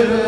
Spirit.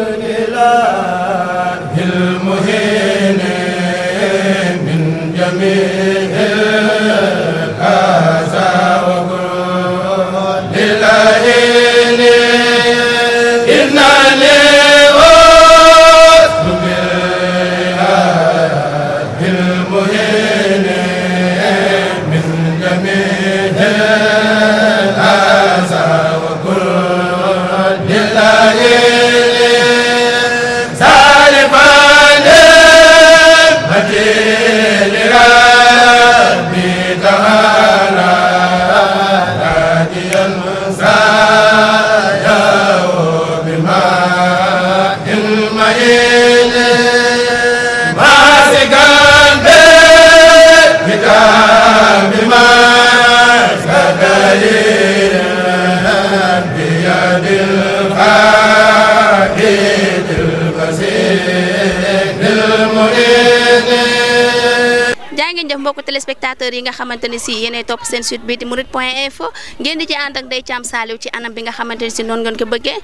mbokku téléspectateurs yi nga xamante ne si topp seen site bi di point info ngeen di ci ànd ak Ndeye Thiam Saliou ci anam bi nga xamante ne si noonu ngeen ko bëggee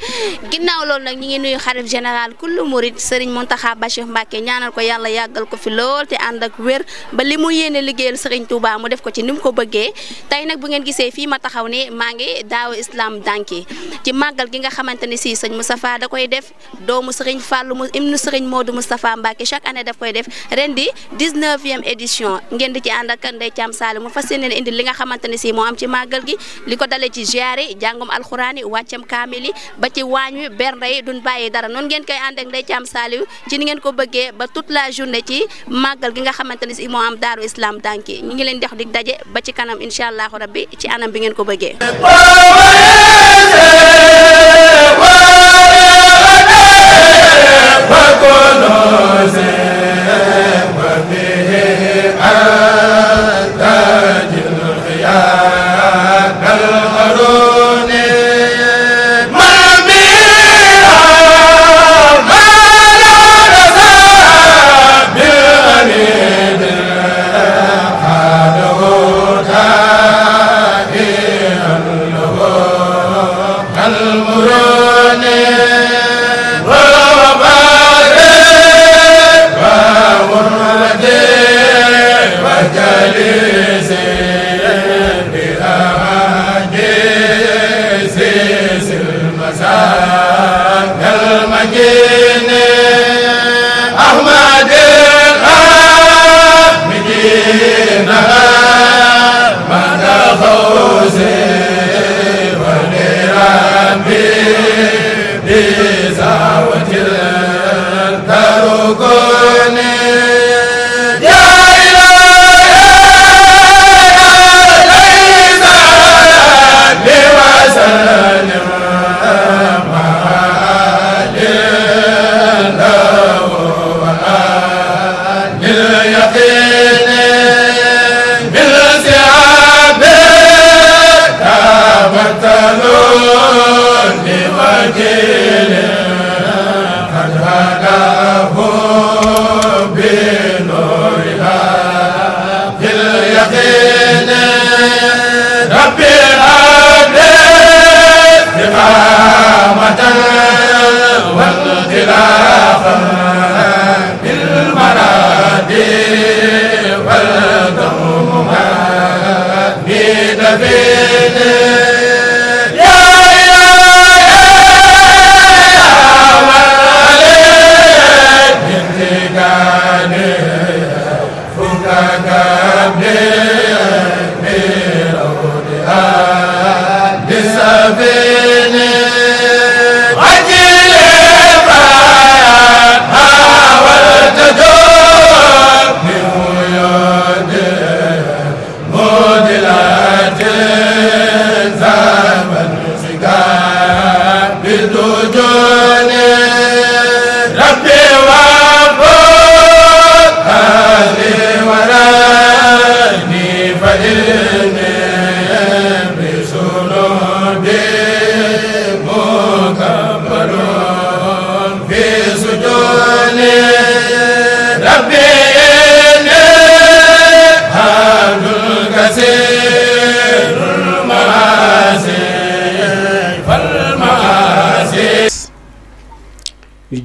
ginnaaw loolu nag ñi ngi nuyu xalif général kullu mouride Serigne Mountakha Bachir Mbacké ñaanal ko yàlla yàggal ko fi lool te ànd ak wér ba li mu yéene liggéeyal Serigne Touba mu def ko ci ni mu ko bëggee tey nag bu ngeen gisee fii ma taxaw ne maa ngi daaw islam danki ci màggal gi nga xamante ne si sëñ Moustapha da koy def doomu Serigne Fallou ibnu Serigne Modou Moustapha Mbacké chaque année daf koy def ren di 19e édition ngeen di ci ànd ak Ndeye Thiam Sall mu indi li nga xamante si moo ci màggal gi li ko dalee ci ziare jàngum alxuraan yi wàccam ba ci waañ wi bernde yi duñ dara noonu ngeen koy ànd ak Ndeye Thiam ci ni ngeen ko bëggee ba toute la journée ci màggal gi nga xamante si moo daaru islam dànki ñu ngi leen jox dig daje ba ci kanam incha allahu rabbi ci anam bi ngeen ko bëggee Reconoce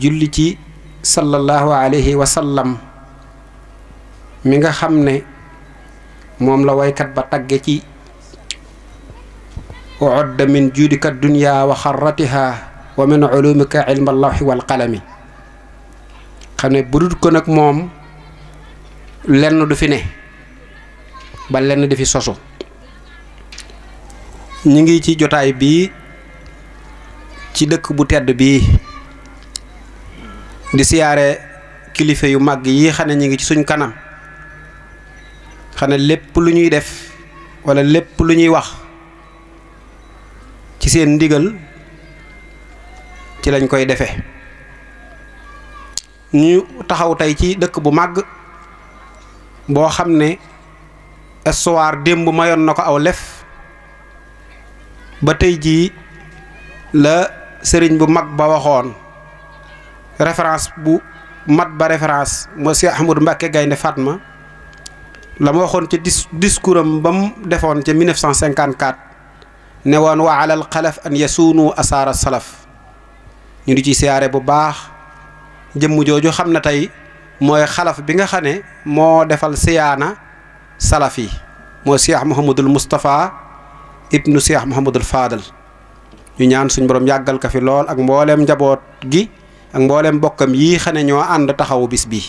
julli ci sallallahu alayhi wa sallam mi nga xamne ne la way kat ba tagge ci min judika dunya wa kharratiha wa min ulumika ilma Allah wal qalami xam ne budut ko nak mom lenn du fi ne ba lenn di fi sosu ñi ngi ci jotay bi ci dekk bu tedd bi di siyaare kilifa yu mag yi xane ñi ngi ci suñ kanam xane lépp lu ñuy def walla lépp lu ñuy wax ci seen ndigal ci lañ koy defe ñu taxaw tey ci dëkk bu màgg boo xam ne histoire démb mayoon na ko aw lef ba tey jii la sëriñ bu mag ba waxoon référence bu mat ba référence monsieur Cheikh mbake gayne Fatma la mo waxoon ci dis bam defone ci 1954 ne wa wa alal khalaf an asar as salaf ñu di ci siaré bu baax jëm joju xamna tay moy khalaf bi nga xane mo defal siyana salafi mo Cheikh Mouhamadul mustafa ibnu Cheikh Mouhamadul Fadal ñu ñaan suñu borom yagal ka fi lool ak mbollem njabot gi. ak mboolem bokkam yii xane ñoo ànd taxawu bis bi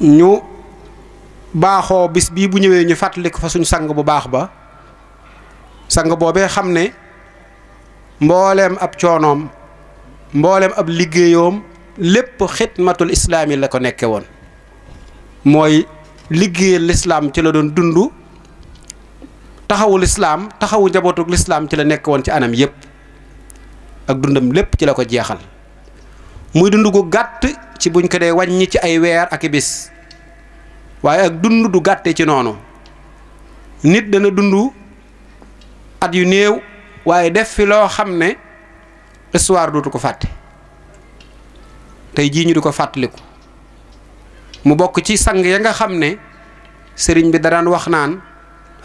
ñu baaxoo bis bii bu ñëwee ñu fàttali ko fa suñu sang bu baax ba sang boobee xam ne mbooleem ab coonoom mbooleem ab liggéeyoom lépp xidmatul islaam yi la ko nekke woon mooy liggéeyal lislaam ci la doon dund taxawu lislaam taxawu njabootuk lislaam ci la nekk woon ci anam yépp ak dundam lépp ci la ko jeexal muy dund gu gàtt ci buñ ko dee wàññi ci ay weer ak i waaye ak dund du gàtte ci noonu nit dana dund at yu néew waaye def fi loo xam ne histoire dootu ko fàtte tey jii ñu di ko fàttaliku mu bokk ci sang ya nga xam ne sëriñ bi da daan wax naan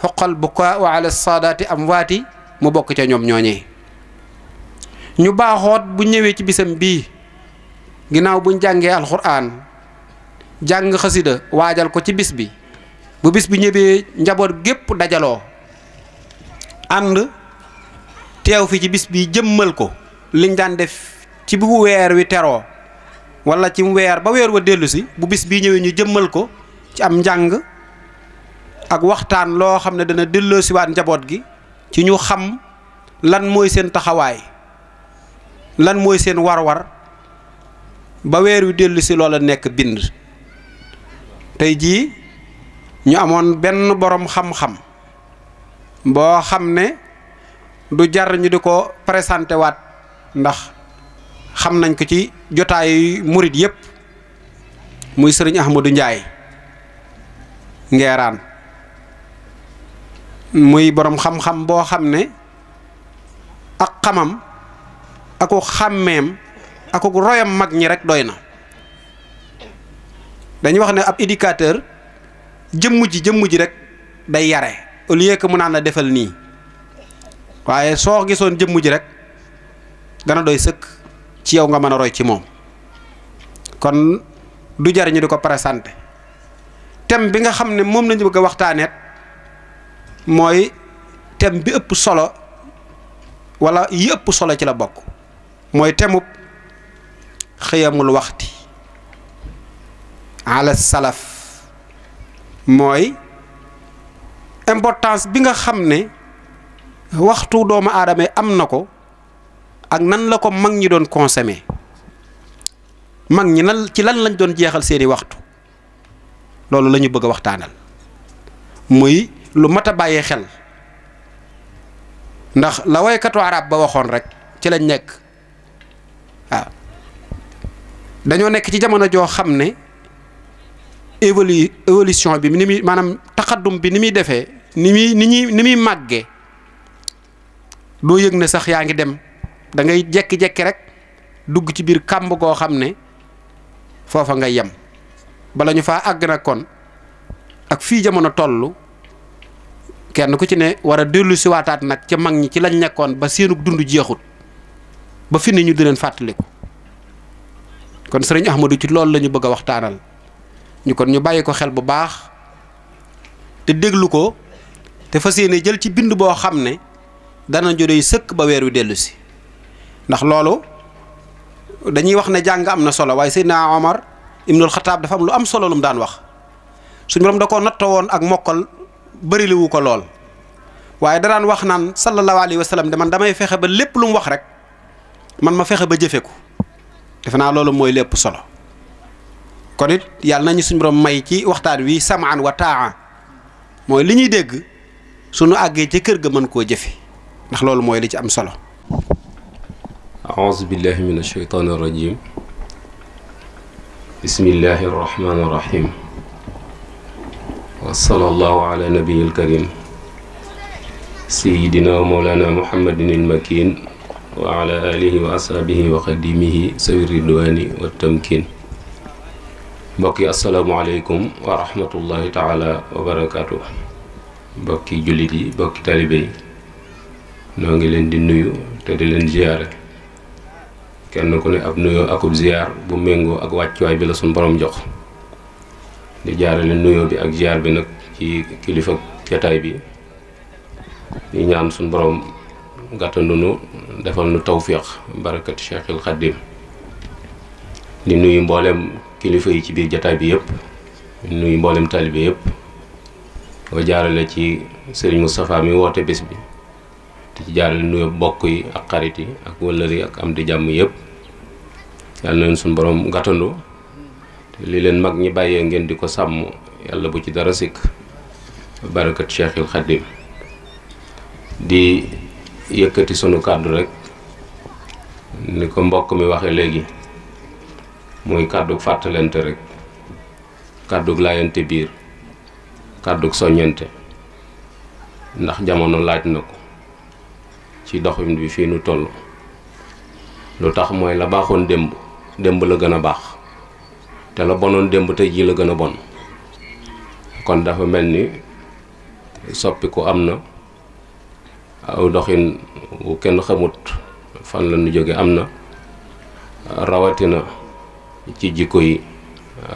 xoqal bukaa wa ala saadaati amwaati mu bokk ca ñoom ñooñee ñu baaxoot bu ñëwé ci bisam bi ginaaw buñ jàngé alquran jàng xasida waajal ko ci bis bi bu bis bi ñëbé njaboot gep dajalo and teew fi ci bis bi jëmmal ko liñ daan def ci bu wër wi teroo wala ci wër ba wër wa déllu si bu bis bi ñëwé ñu jëmmal ko ci am jàng ak waxtaan lo xamne dana delo ci wat njabot gi ci ñu xam lan moy sen taxaway lan mooy seen war-war ba weer wi dellu si loola nekk bind tey jii ñu amoon benn boroom xam-xam boo xam ne du jar ñu di ko présenté waat ndax xam nañ ko ci jotaayu murit yépp muy sëriñ Ahmadou Njaay ngeeraan muy boroom xam-xam boo xam ne ak xamam aku xamem aku royam mag ñi rek doyna dañ wax ne ab indicator jëmm ji ji rek day yaré au lieu que mu nana defal ni waye so gison rek dana doy seuk ci yow nga mëna roy ci mom kon du jar ñu diko présenter tem bi nga xamne mom lañu bëgg waxtane moy tem bi ëpp solo wala yi solo ci la bokku mooy temub xëyamul waxti ala salaf mooy importance bi nga xam ne waxtu doomu aadama am na ko ak nan la ko mag ñi doon consommer mag ñi nan ci lan lañ doon jeexal seeni waxtu loolu la ñu bëgg a waxtaanal muy lu mat a bàyyee xel ndax la waykatu arab ba waxoon rek ci lañ nekk dañoo nekk ci jamono joo xam ne évolu évolution bi ni muy maanaam taxaddum bi ni muy defee ni muy ni ñuy ni muy màggee doo yëg ne sax yaa ngi dem da ngay jekki-jekki rek dugg ci biir kàmb goo xam ne foofa nga yem bala ñu faa àgg na kon ak fii jamono toll kenn ku ci ne war a dellu nag ca mag ñi ci lañ nekkoon ba seenug dund jeexut ba fi ne ñu di leen fàttaliku kon serigne Ahmadou ci loolu lañu bëgg a waxtaanal ñu kon ñu bàyyi ko xel bu baax te déglu ko te fas yéene jël ci bind boo xam ne dana jodey sëkk ba weer wi dellu ndax loolu dañuy wax ne jàng am na solo waaye Seydina Omar Ibnul Xataab dafa am lu am solo lu mu daan wax suñu borom da koo nattoo woon ak mokkal bëri wu ko lool waaye da daan wax naan sallallahu alayhi wa sallam de man damay fexe ba lépp lu mu wax rek man ma fexe ba defena lolu moy lépp solo kon it yàlla nañu suñu borom may ci waxtaan wi sam'an wa taa moy liñuy deg suñu agge ci kër ga man ko jëfe ndax lolu moy li ci am solo a'udhu billahi minash shaitanir rajim بسم الله الرحمن الرحيم وصلى الله على نبي الكريم سيدنا مولانا محمد المكين وعلى آله وأصحابه وقديمه سير الدوان والتمكين بقي السلام عليكم ورحمة الله تعالى وبركاته بقي جلدي بقي طالبي نوغي لين دي نويو تدي لين زيارة كان نكون أب نويو أكوب زيار بمينغو أكو أتشواي بلا سن برام جوخ دي جارة لين نويو بي أك زيار بي نك كي كيليفك كتايبي دي نيان سن برام جوخ gàttandu nu defal nu tawfiq barakati Cheikhil Khadim di nuyu mboolem kilifa yi ci biir jataay bi yëpp nuyu mboolem taalibe yépp nga jaarale ci Serigne Moustapha mi woote bés bi te ci jaarale nuyu bokk yi ak xarit yi ak wëllër yi ak am di jàmm yépp yàlla na leen suñu borom gàttandu te li leen mag ñi bàyyee ngeen di ko sàmm yàlla bu ci dara sikk barakat Cheikhil Khadim di yëkkati sunu kàddu rek ni ko mbokk mi waxe léegi muy kàddu fàttalante rek kàddu layante biir kàddu soññante ndax jamono laaj na ko ci doxin bi fii nu toll lu tax mooy la baaxoon démb démb la gën a baax te la bonoon démb tey jii la gën a bon kon dafa mel ni soppiku am na aw doxin wu kenn xamut fan la ñu jóge am na rawatina ci jikko yi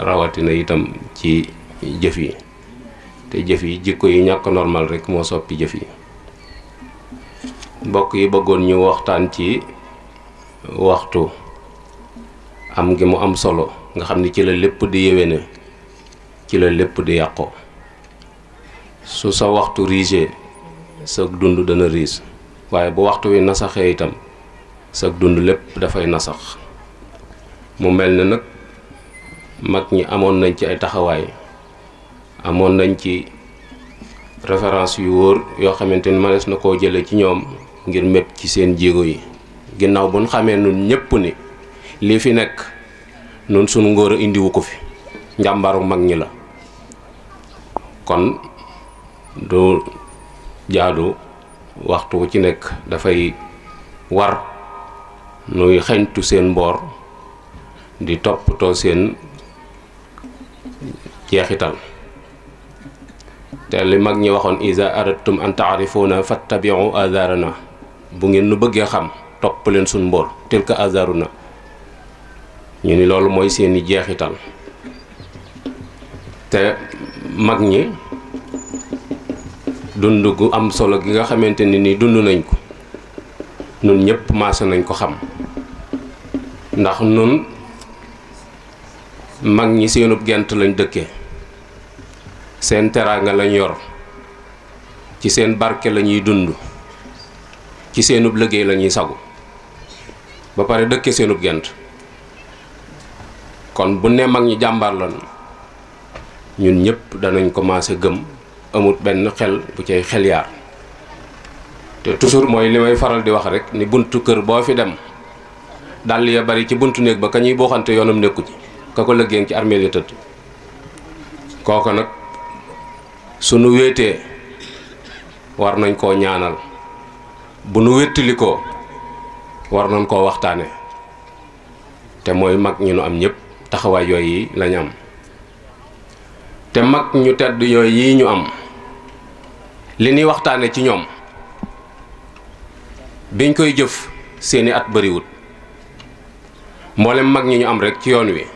rawatina itam ci jëf yi te jëf yi jikko yi ñàkk normal rek moo soppi jëf yi mbokk yi bëggoon ñu waxtaan ci waxtu am gi mu am solo nga xam ni ci la lépp di yéwéne ci la lépp di yàqo su sa waxtu rigé sag dund dana riis waaye bu waxtu wi nasaxee itam sag dund lépp dafay nasax mu mel ne nag mag ñi amoon nañ ci ay taxawaay amoon nañ ci référence yu wóor yoo xamante ni mënees na koo jële ci ñoom ngir mépp ci seen jéego yi ginnaaw bu ñu xamee nun ñëpp ni lii fi nekk nun sunu ngóor indiwu ko fi njàmbaru mag ñi la kon du jaadu waxtu wu ci nekk dafay war nuy xentu seen mboor di toppatoo seen jeexital te li mag ñi waxoon isa iza aradtum an taarifuna fattabiu na bu ngeen nu bëggee xam topp leen suñ mboor tilka na ñu ni loolu mooy seeni jeexital te mag ñi dundu gu am solo gi nga xamanteni ni dundu nunyep nañ ko nun ñëpp maase nañ ko xam ndax nun mag ñi seenu gent lañ dëkke seen lañ yor ci seen barke lañuy dundu ci seenu liggéey lañuy sagu ba pare dëkke seenu gent kon bu ne mag ñi jambar lañ ñun ñëpp danañ gëm amut benn xel bu cay xel yaar te toujours mooy li may faral di wax rek ni buntu kër boo fi dem dàll ya bari ci buntu néeg ba ka ñuy booxante yoonam nekku ci ka ko lëggéen ci armée li tëdd kooko nag sunu wéetee war nañ koo ñaanal bu nu wéttali ko war nañ koo waxtaane te mooy mag ñi nu am ñëpp taxawaay yooyu lañ am te mag ñu tedd yooyu ñu am li ñuy waxtaane ci ñoom biñ koy jëf seeni at bariwut mboolem mag ñi ñu am rekk ci yoon wi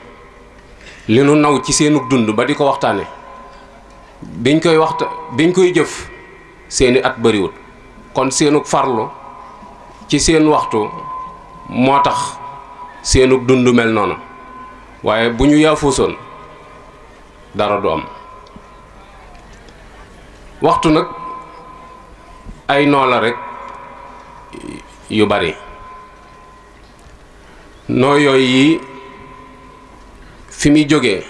li nu naw ci seenug dund ba di ko waxtaane biñ koy waxta biñ koy jëf seeni at bariwut kon seenug farlu ci seen waxtu moo tax seenug dund mel noonu waaye bu ñu yaafuusoon dara du am waxtu nag ay noo la rek yu bari noo yooyu yi fi muy jóge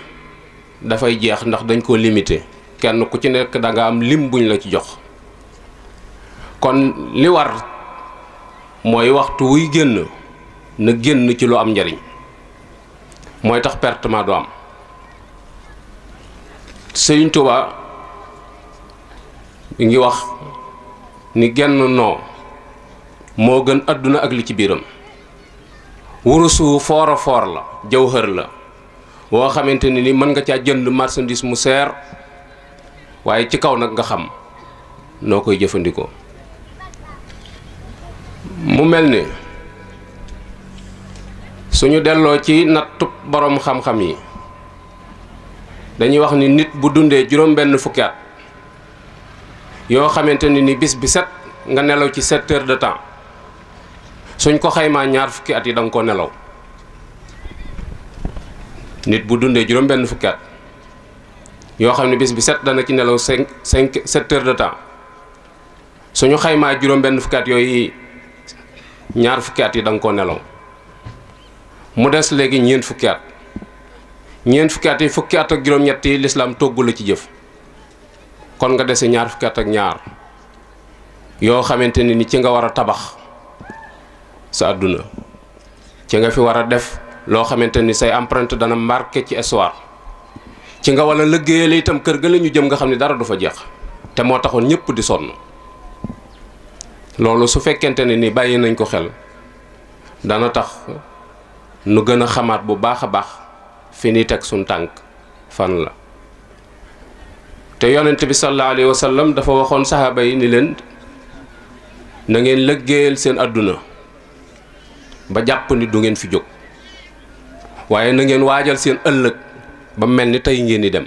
dafay jeex ndax dañ ko limite kenn ku ci nekk da nga am lim buñ la ci jox kon li war mooy waxtu wuy génn na génn ci lu am njariñ mooy tax pertement du am Sëriñ Tuubaa mi ngi wax ni genn noo moo gën àdduna ak li ci biiram wurusu foora foor la jawhar la woo xamante ni ni mën nga caa jënd marchandise mu seer waaye ci kaw nag nga xam noo koy jëfandikoo mu mel ni suñu delloo ci nattub boroomu xam-xam yi dañuy wax ni nit bu dundé juróom benn fukki at yoo xamante ni bis bi set nga nelaw ci 7 heures de temps suñ ko xaymaa ñaar fukki at yi da ko nelaw nit bu dundé juróom benn fukki at yoo xam ne bis bi set dana ci nelaw 5 cinq sept heures de temps suñu xaymaa juróom benn fukki at yooyu ñaar fukki at yi da ko nelaw mu des léegi ñeen fukki at ñeen fukki at fukki at ak juroom ñetti l'islam toggu la ci jëf kon nga dese ñaar fukki at ak ñaar yoo xamanteni ni ci nga war a tabax sa aduna ci nga fi war a def loo xamanteni say empreinte dana marqué ci histoire ci nga wala liggéeyale itam kër ga la ñu jëm nga xam ne dara du fa jeex te moo taxoon ñëpp di sonn loolu su fekkente ni bàyyi nañ ko xel dana tax nu gën xamaat bu baax baax fi ni teg suñ tànk fan la te yonent bi sallallahu dafa waxoon saxaaba yi ni leen na ngeen lëggéeyal seen àdduna ba jàpp ni du ngeen fi jóg waaye na ngeen waajal seen ëllëg ba mel ni tey ngeen di dem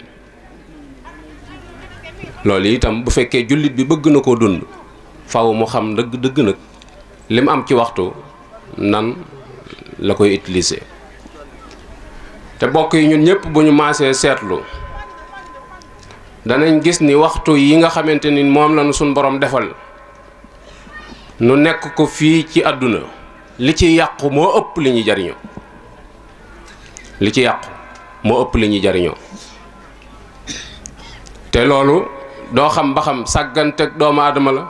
loolu itam bu fekkee jullit bi bëgg na koo dund faw mu xam dëgg dëgg nag li mu am ci waxtu nan la koy utiliser te bokk yi ñun ñëpp bu ñu maasee seetlu danañ gis ni waxtu yi nga xamante ni moom lañu suñ borom defal nu nekk ko fii ci àdduna li ci yàqu moo ëpp li ñuy jariñoo li ci yàqu moo ëpp li ñuy jariñoo te loolu doo xam ba xam sàggante doomu aadama la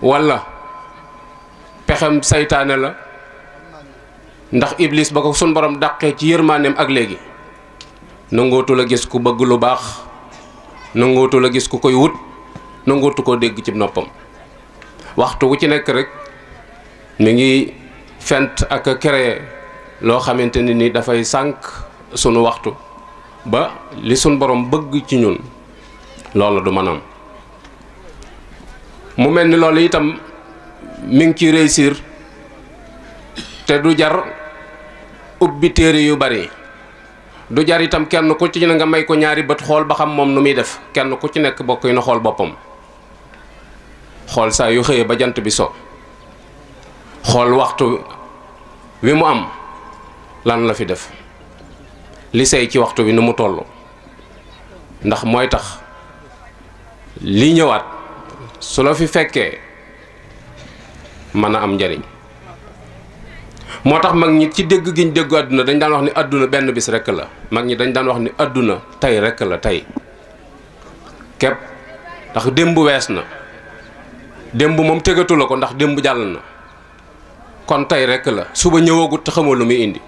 walla pexem seytaane la ndax iblis bako sun borom dakke ci yermanem ak legi nangotu la gis ku bëgg lu bax nangotu la gis ku koy wut nangotu ko deg ci nopam waxtu wu ci nek rek mi ngi fent ak créé lo xamanteni ni da fay sank sunu waxtu ba li sun borom bëgg ci ñun loolu du manam mu melni ni loolu itam mi ngi ci réussir té du jar ubbi téré yu bari du jar itam kenn ku ci ne nga may ko ñaari bëtt xol ba xam no nu mi def kenn ku ci nekk bokk yu xol bopam xol sa yu xeye ba jant bi so xol waxtu wi mu am lan la fi def li sey ci waxtu wi nu mu tollu ndax moy tax li ñëwaat su la fi fekke mana am jariñ moo tax mag ñi ci dégg giñ déggu àdduna dañ daan wax ni àdduna benn bis rekk la mag ñi dañ daan wax ni àdduna tey rekk la tey képp ndax démb wees na démb moom tëgatu la ko ndax démb jàll na kon tey rekk la suba ñëwagut te lu muy indi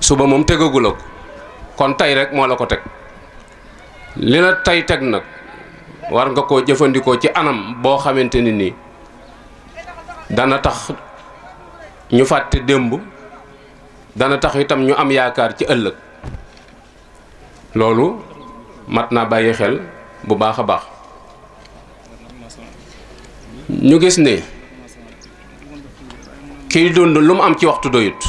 suba moom tegagu la ko kon tey rekk moo la ko teg li la tey teg nag war nga koo jëfandikoo ci anam boo xamante ni nii dana tax ñu fàtte démb dana tax itam ñu am yaakaar ci ëllëg loolu mat naa bàyyi xel bu baax a baax ñu gis ne kiy dund lu mu am ci waxtu doyut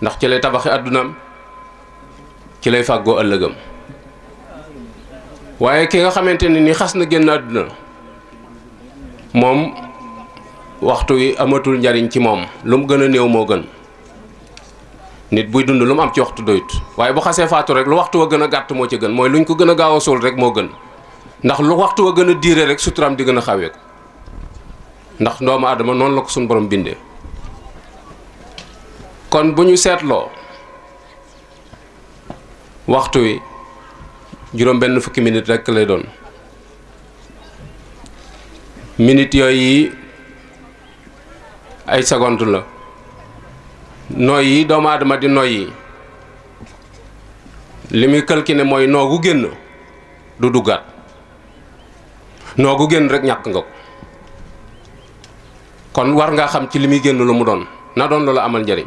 ndax ci lay tabaxi àddunaam ci lay fàggoo ëllëgam waaye ki nga xamante ne ni xas na génn àdduna moom waxtu wi amatul njariñ ci moom lu mu gën a néew moo gën nit buy dund lu mu am ci waxtu doyut waaye bu xasee faatu rek lu waxtu wa gën a gàtt moo ci gën mooy luñ ko gën a gaaw a moo gën ndax lu waxtu wa gën a diire rek suturaam di gën a xawee ndax doomu aadama noonu la ko suñu borom bindee kon bu ñu seetloo waxtu wi juróom benn fukki minute rek lay doon minute yooyu ay seconde la nooy yi doomu aadama di noy yi li muy calculé ne mooy noogu génn du duggaat noogu génn rek ñàkk nga ko kon war ngaa xam ci li muy génn lu mu doon na doon loola amal njariñ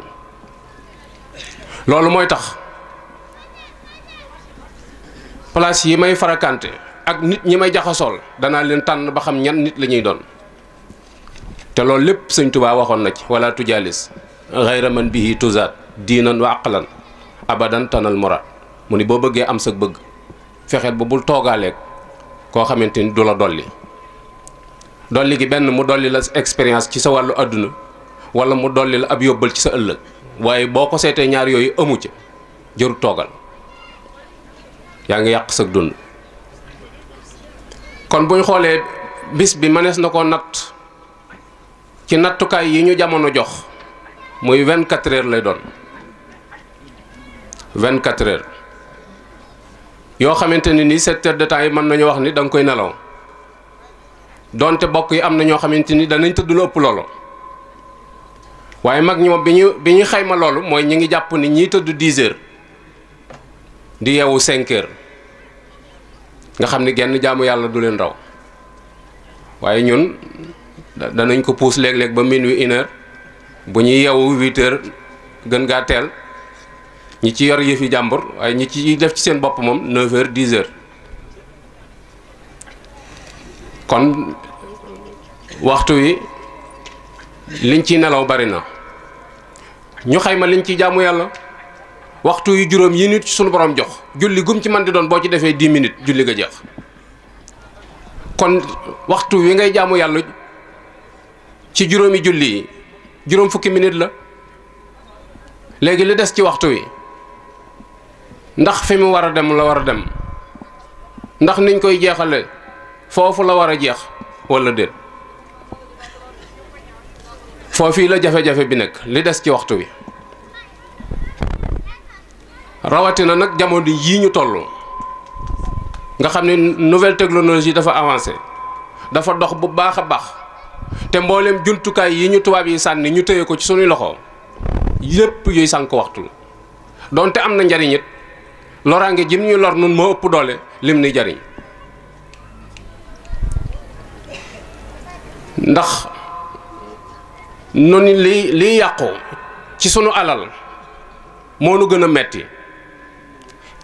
loolu mooy tax place yi may farakante ak nit ñi may jaxasool danaa leen tànn ba xam ñan nit la ñuy doon te loolu lépp sëñ tubaa waxoon na ci wala tujaalis xayra man bihi tuzaat diinan nu aqlan abadan tanal muraad mu ni boo bëggee am sa bëgg fexeel ba bul toogaaleeg koo xamante ni du la dolli dolli gi benn mu dolli la expérience ci sa wàllu àdduna wala mu dolli la ab yóbbal ci sa ëllëg waaye boo ko seetee ñaar yooyu amu ca jëru toogal yaa ngi yàq sa dund kon buñ xoolee bis bi mënees na koo natt ci nattukaay yi ñu jamono jox muy vingt quatre heures lay doon vingt quatre heures yoo xamante ni sept heures de temps yi mën nañu wax ni da nga koy nelaw donte bokk yi am na ñoo xamante ni danañ tëdd lu ëpp loolu waaye mag ñi moom bi ñu bi ñu xayma loolu mooy ñi ngi jàpp ni ñiy tëdd dix heures di yeewu cinq heures nga xam ni genn jaamu yàlla du leen raw waaye ñun. danañ ko puus léeg-léeg ba minuit une heure bu ñuy yeewu huit gën gaa teel ñi ci yor yëfi jàmbur waaye ñi ci def ci seen bopp moom neuf heures dix kon waxtu wi liñ ci nelaw bari na ñu xayma liñ ci jaamu yàlla waxtu yu juróom yi nit sunu borom jox julli gum ci man di doon boo ci defee dix minutes julli nga jeex kon waxtu wi ngay jaamu yàlla ci juróomi julli yi juróom fukki mi nit la léegi li des ci waxtu wi ndax fi mu war a dem la war a dem ndax niñ koy jeexale foofu la war a jeex wala déet foofii la jafe-jafe bi nekk li des ci waxtu wi rawatina nag jamono yii ñu toll nga xam ne nouvelle technologie dafa avancé dafa dox bu baax a baax te mboolem jumtukaay yi ñu tubaab yi sànni ñu téye ko ci sunuy loxo yépp yuy sànq waxtu donte am na njariñit loraange jim ñu lor nun moo ëpp doole lim ni jariñ ndax nun li liy yàqu ci sunu alal moo nu gën a metti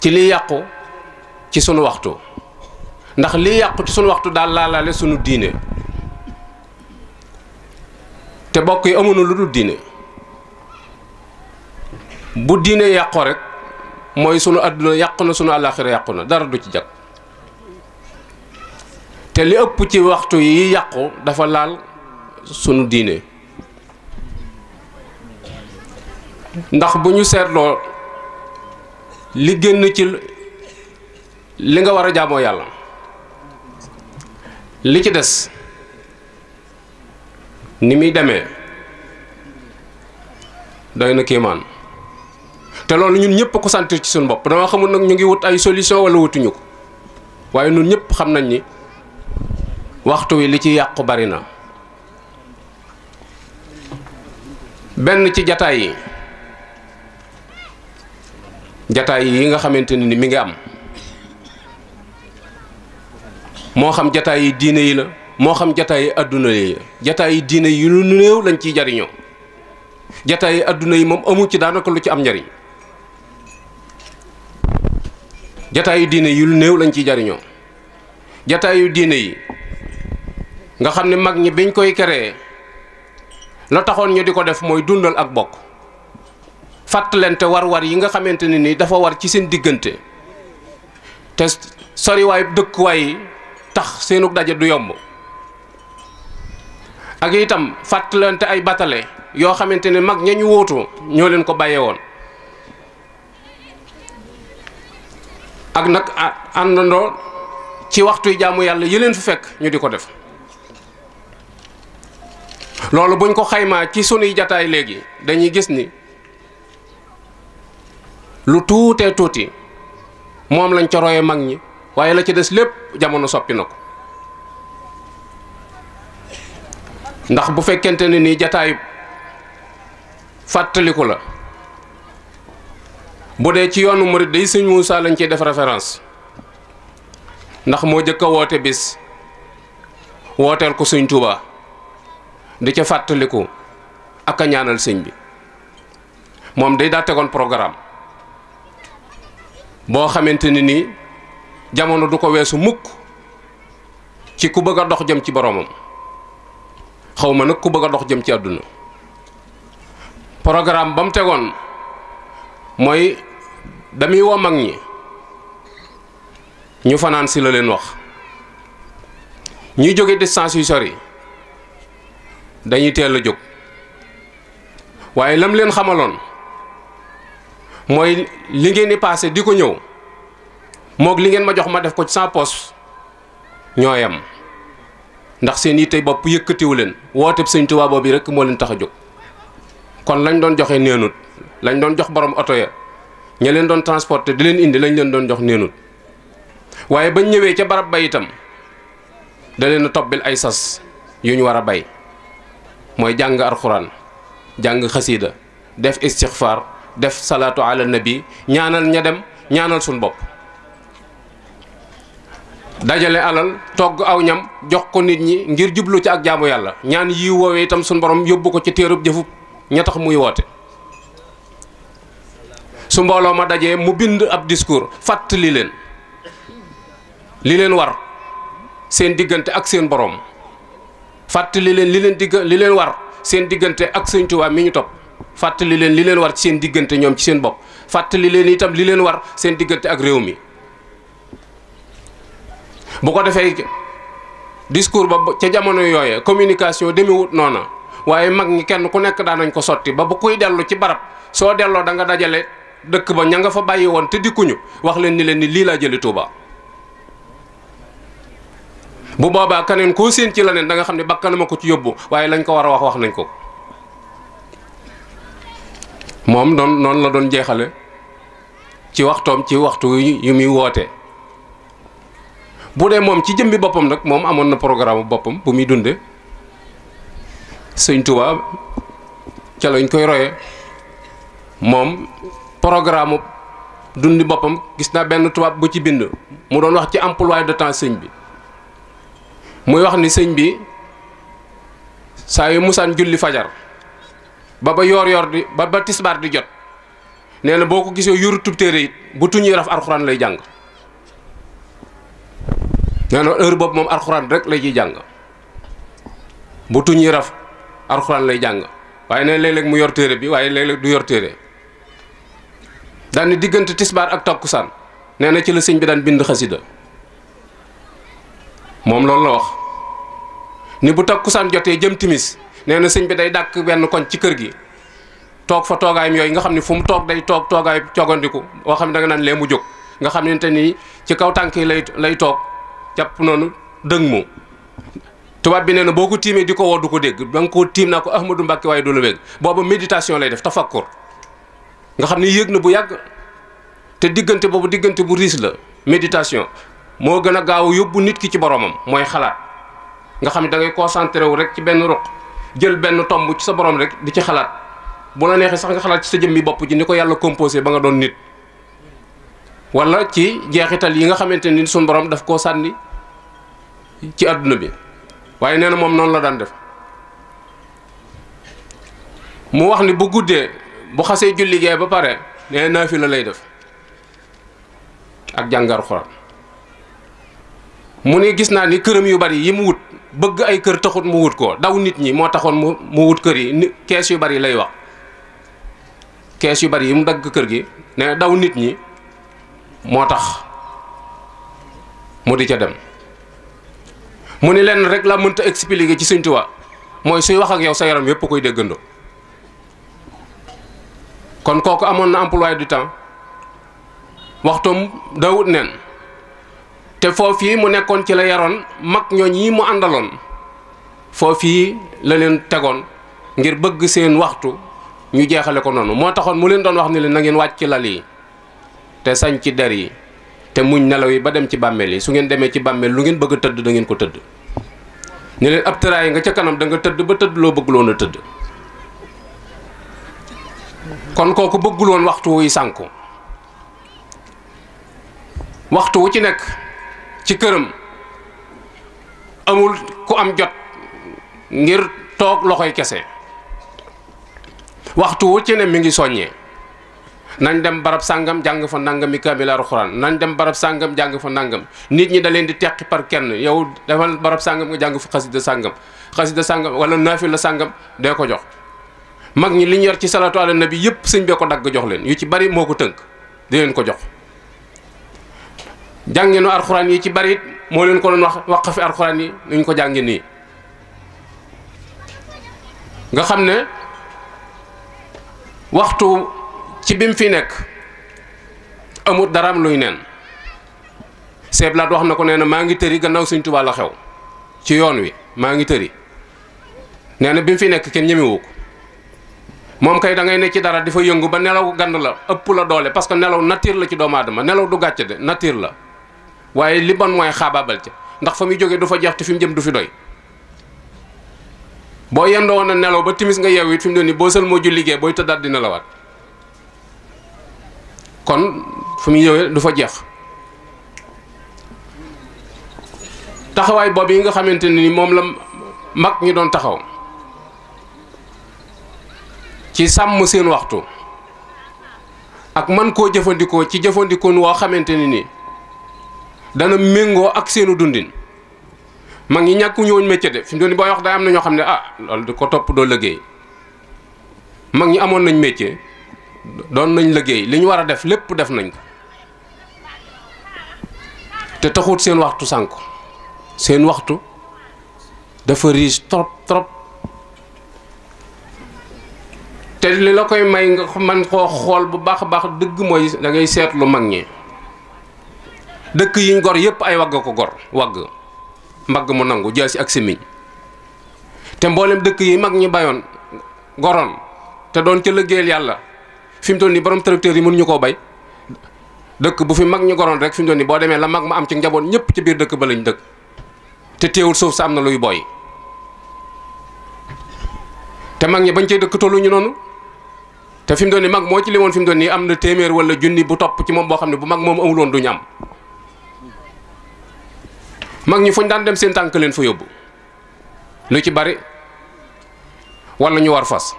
ci liy yàqu ci sunu waxtu ndax liy yàqu ci sunu waxtu daal laalaale sunu diine te bokk yi amuñu lu dul diine bu diine yàqoo rekk mooy sunu àdduna yàqu na sunu àllaaxira yàqu na dara du ci jag te li ëpp ci waxtu yi yàqu dafa laal sunu diine ndax bu ñu seetloo li gën ci li nga war a jaamoo yàlla li ci des ni muy demee doy na kéemaan te loolu ñun ñëpp ko sentir ci suñu bopp dama xamul nag ñu ngi wut ay solution wala wutuñu ko waaye ñun ñëpp xam nañ ni waxtu wi li ci yàqu bari na benn ci jataay yi jataay yi nga xamante ni mi ngi am moo xam jataay yi diine yi la moo xam jataay adduna yi jataay diine yi néew lañ ciy jariñoo jataay adduna yi moom amu ci daanaka lu ci am njariñ jataayu diine yi lu néew lañ ciy jariñoo jataay jataayu diine yi nga xam ne mag ñi biñ koy créer la taxoon ñu di ko def mooy dundal ak bokk fàttalante war-war yi nga xamante ne ni dafa war ci seen diggante te soriwaay dëkkuwaay tax seenu daje du yomb ak itam fàttalante ay batalé yo xamante mag ñañu woto ñoo leen ko bayé won ak nak andando ci waxtu jaamu yalla yeleen fi fek ñu diko def lolu buñ ko xaymaa ci sunu jotaay legi dañuy gis ni lu mom lañ ci royé mag ñi waye la ci dess lepp jamono soppi nako ndax bu fekkente ne nii jataayub fàttaliku la bu dee ci yoonu murit day sëñ Moussa lañ ciy def référence ndax moo jëkk a woote bis wooteel ko sëñ Touba di ca fàttaliku ak a ñaanal sëñ bi moom day daa tegoon programme boo xamante ni nii jamono du ko weesu mukk ci ku bëgg a dox jëm ci boromam. xaw ma nag ku bëgg a jëm ci àdduna programme ba mu tegoon mooy damuy woo mag ñi ñu fanaan si la leen wax ñuy jóge distance yu sori dañuy teel a jóg waaye lam leen xamaloon mooy li ngeen di paase di ko ñëw mook li ngeen ma jox ma def ko ci sans poste ñooyam ndax seen yitte bopp yëkkatiwu leen wooteb sëñ Tuubaa boobu rek moo rek mo len jóg kon lañ doon joxe neenut lañ doon jox borom auto ya ñe len doon transporter di len indi lañ len doon jox neenut waye bañ ñëwé ci barab bay itam da len tobbil ay sas yu ñu wara bay moy jang alquran jang khasida def istighfar, def salatu ala nabi ñaanal ñadem ñaanal sun bop dajale alal togg aw ñam jox ko nit ñi ngir jublu ci ak jaamu yalla ñaan yi wowe itam sun borom yobbu ko ci téerub jëfub ña tax muy wote su mbolo ma dajé mu bind ab discours fàttali len li len war seen digënté ak seen borom fàttali len li len li len war seen digënté ak seen Tuubaa mi ñu topp fàttali len li len war ci seen digënté ñom ci seen bopp fàttali len itam li len war seen digënté ak rewmi bu ko defee discours ba ca jamono yooye communication demewut noona waaye mag ñi kenn ku nekk nañ ko sotti ba bu kuy dellu ci barab soo delloo da nga dajale dëkk ba ña nga fa bàyyi woon te dikkuñu wax leen ni leen ni lii laa jëli Tuuba bu boobaa keneen koo seen ci la neen da nga xam ne bakkanama ko ci yóbbu waaye lañ ko war a wax wax nañ ko moom doon noonu la doon jeexale ci waxtoom ci waxtu yu muy bu dee moom ci jëmbi boppam nag moom amoon na programme bu boppam bu muy dunde sëñ Tuubaa ca lañ koy royee moom programme dundi boppam gis naa benn tubaab bu ci bind mu doon wax ci emploi de temps sëñ bi muy wax ni sëñ bi saa yu musaan julli fajar ba ba yoor yoor di ba ba tisbaar di jot nee na boo ko gisee yurutub téere it bu tuñuy raf alxuraan lay jàng nee na heure boobu moom alxuraan rek lay ci jàng bu tuñi raf alxuraan lay jàng waaye nee léeg-léeg mu yor téere bi waaye léeg-léeg du yor téere daan ni diggante tisbaar ak takkusaan nee na ci la sëñ bi daan bind xasida moom loolu la wax ni bu takkusaan jotee jëm timis nee na sëñ bi day dàkk benn koñ ci kër gi toog fa toogaayam yooyu nga xam ne fu mu toog day toog toogaay cogandiku boo xam ne da nga naan lee mu jóg nga xam ne ni ci kaw tànk lay lay toog jàpp noonu dëng mu tubaab bi nee na boo ko tiimee di ko woo du ko dégg da nga koo tiim naa ko Ahmadou Mbacke waaye du la wégg booba méditation lay def tafakkur nga xam ne yéeg na bu yàgg te diggante boobu diggante bu riis la méditation moo gën a gaaw yóbbu nit ki ci boromam mooy xalaat nga xam ne da ngay concentré wu rek ci benn ruq jël benn tomb ci sa borom rek di ci xalaat bu la neexee sax nga xalaat ci sa jëmmi bopp ji ni ko yàlla composé ba nga doon nit wala ci jeexital yi nga xamante ni suñu borom daf koo sànni ci àdduna bi waaye nee na moom noonu la daan def mu wax ni bu guddee bu xasee julli gee ba pare nee naafila lay def ak jàngar xuraan mu ne gis naa ni këram yu bari yi mu wut bëgg ay kër taxut mu wut ko daw nit ñi moo taxoon mu mu wut kër yi ni kees yu bari lay wax kees yu bari yi mu dagg kër gi nee daw nit ñi motax tax ca dem muni len rek la meunta expliquer ci seigne touba moy suy wax ak yow sa yaram yep koy deggando kon koku amon na emploi du temps waxtom dawut nen te foofu yi mu nekkon ci la yaron mak ñooñ yi mu andalon foofu yi la len tegon ngir bëgg seen waxtu ñu jéxalé ko noonu mo taxoon mu len doon wax ni len na ngeen wacc ci te sañ ci der yi te muñ nelaw yi ba dem ci bàmmeel yi su ngeen demee ci bàmmeel lu ngeen bëgg tëdd da ngeen ko tëdd ne leen ab tëraay nga ca kanam da nga tëdd ba tëdd loo a tëdd kon kooku waxtu wuy sànku waxtu wu ci nekk ci këram amul ku am jot ngir tok loxoy kese waxtu wu ci ne mi ngi soññee nañ dem barab sangam jang fa mi kamil alquran nañ dem barab sangam jang fa nangam nit ñi da leen di tekk par kenn yow defal barab sangam nga jang fa khasida sangam khasida sangam wala naafila sangam de ko jox mag ñi li ñor ci salatu ala nabi yep señ bee ko dag jox leen yu ci bari moko ko tënk di leen ko jox jangenu alquran yi ci bari mo leen ko doon wax waq alquran yi ñu ko jang ni nga xamne waxtu ci bim fi nek amut daram luy neen seeblaat wax na ko nee na maa ngi tëri gannaaw seigne touba la xew ci yoon wi ma ngi tëri nee bim fi nek ken ñemi wuk mom kay da ngay ne ci dara di yeungu ba nelaw gand la epp la doole parce que nelaw nature la ci dooma aadama nelaw du gatch de nature la waye li ban moy xababal ci ndax fa joge du fa jax te fim jëm du fi doy bo yendo wona nelaw ba timis nga yewit fim do ni bo sel mo ju kon fu muy ñëwee du fa jeex taxawaay bob yi nga xamante ni moom la mag ñi doon taxaw ci sàmm seen waxtu ak man koo jëfandikoo ci jëfandikoon woo xamante ni ni dana méngoo ak seenu dundin mag ñi ñàkku ñëwoon métier de fi mu doon ni booy wax day am na ñoo xam ne ah loolu di ko topp doo liggéey mag ñi amoon nañ métier. don nañ liggéey liñ wara def lepp def nañ ko té taxout seen waxtu sànk seen waxtu dafa riche trop trop te li la koy may nga man ko xol bu baax baax deug moy da ngay sétlu mag ñi dekk yiñ gor yépp ay wag ko gor wag mag mu nangu jaasi ak simiñ te mboolem dekk yi mag ñi bayon goron té doon ci liggéeyal yalla fi mu toll nii borom tracteur yi mënuñu koo bay dëkk bu fi mag ñu goroon rek fi mu toll boo demee la mag ma am ci njaboot ñëpp ci biir dëkk ba lañ dëkk te teewul suuf sa am na luy boy te mag ñi bañ cee dëkk tollu ñu noonu te fi mu doon nii mag moo ci limoon fi mu doon nii am na téeméer wala junni bu topp ci moom boo xam ne bu mag moom amuloon duñu am mag ñi fuñ daan dem seen tànk leen fa yóbbu lu ci bari walla ñu war fas.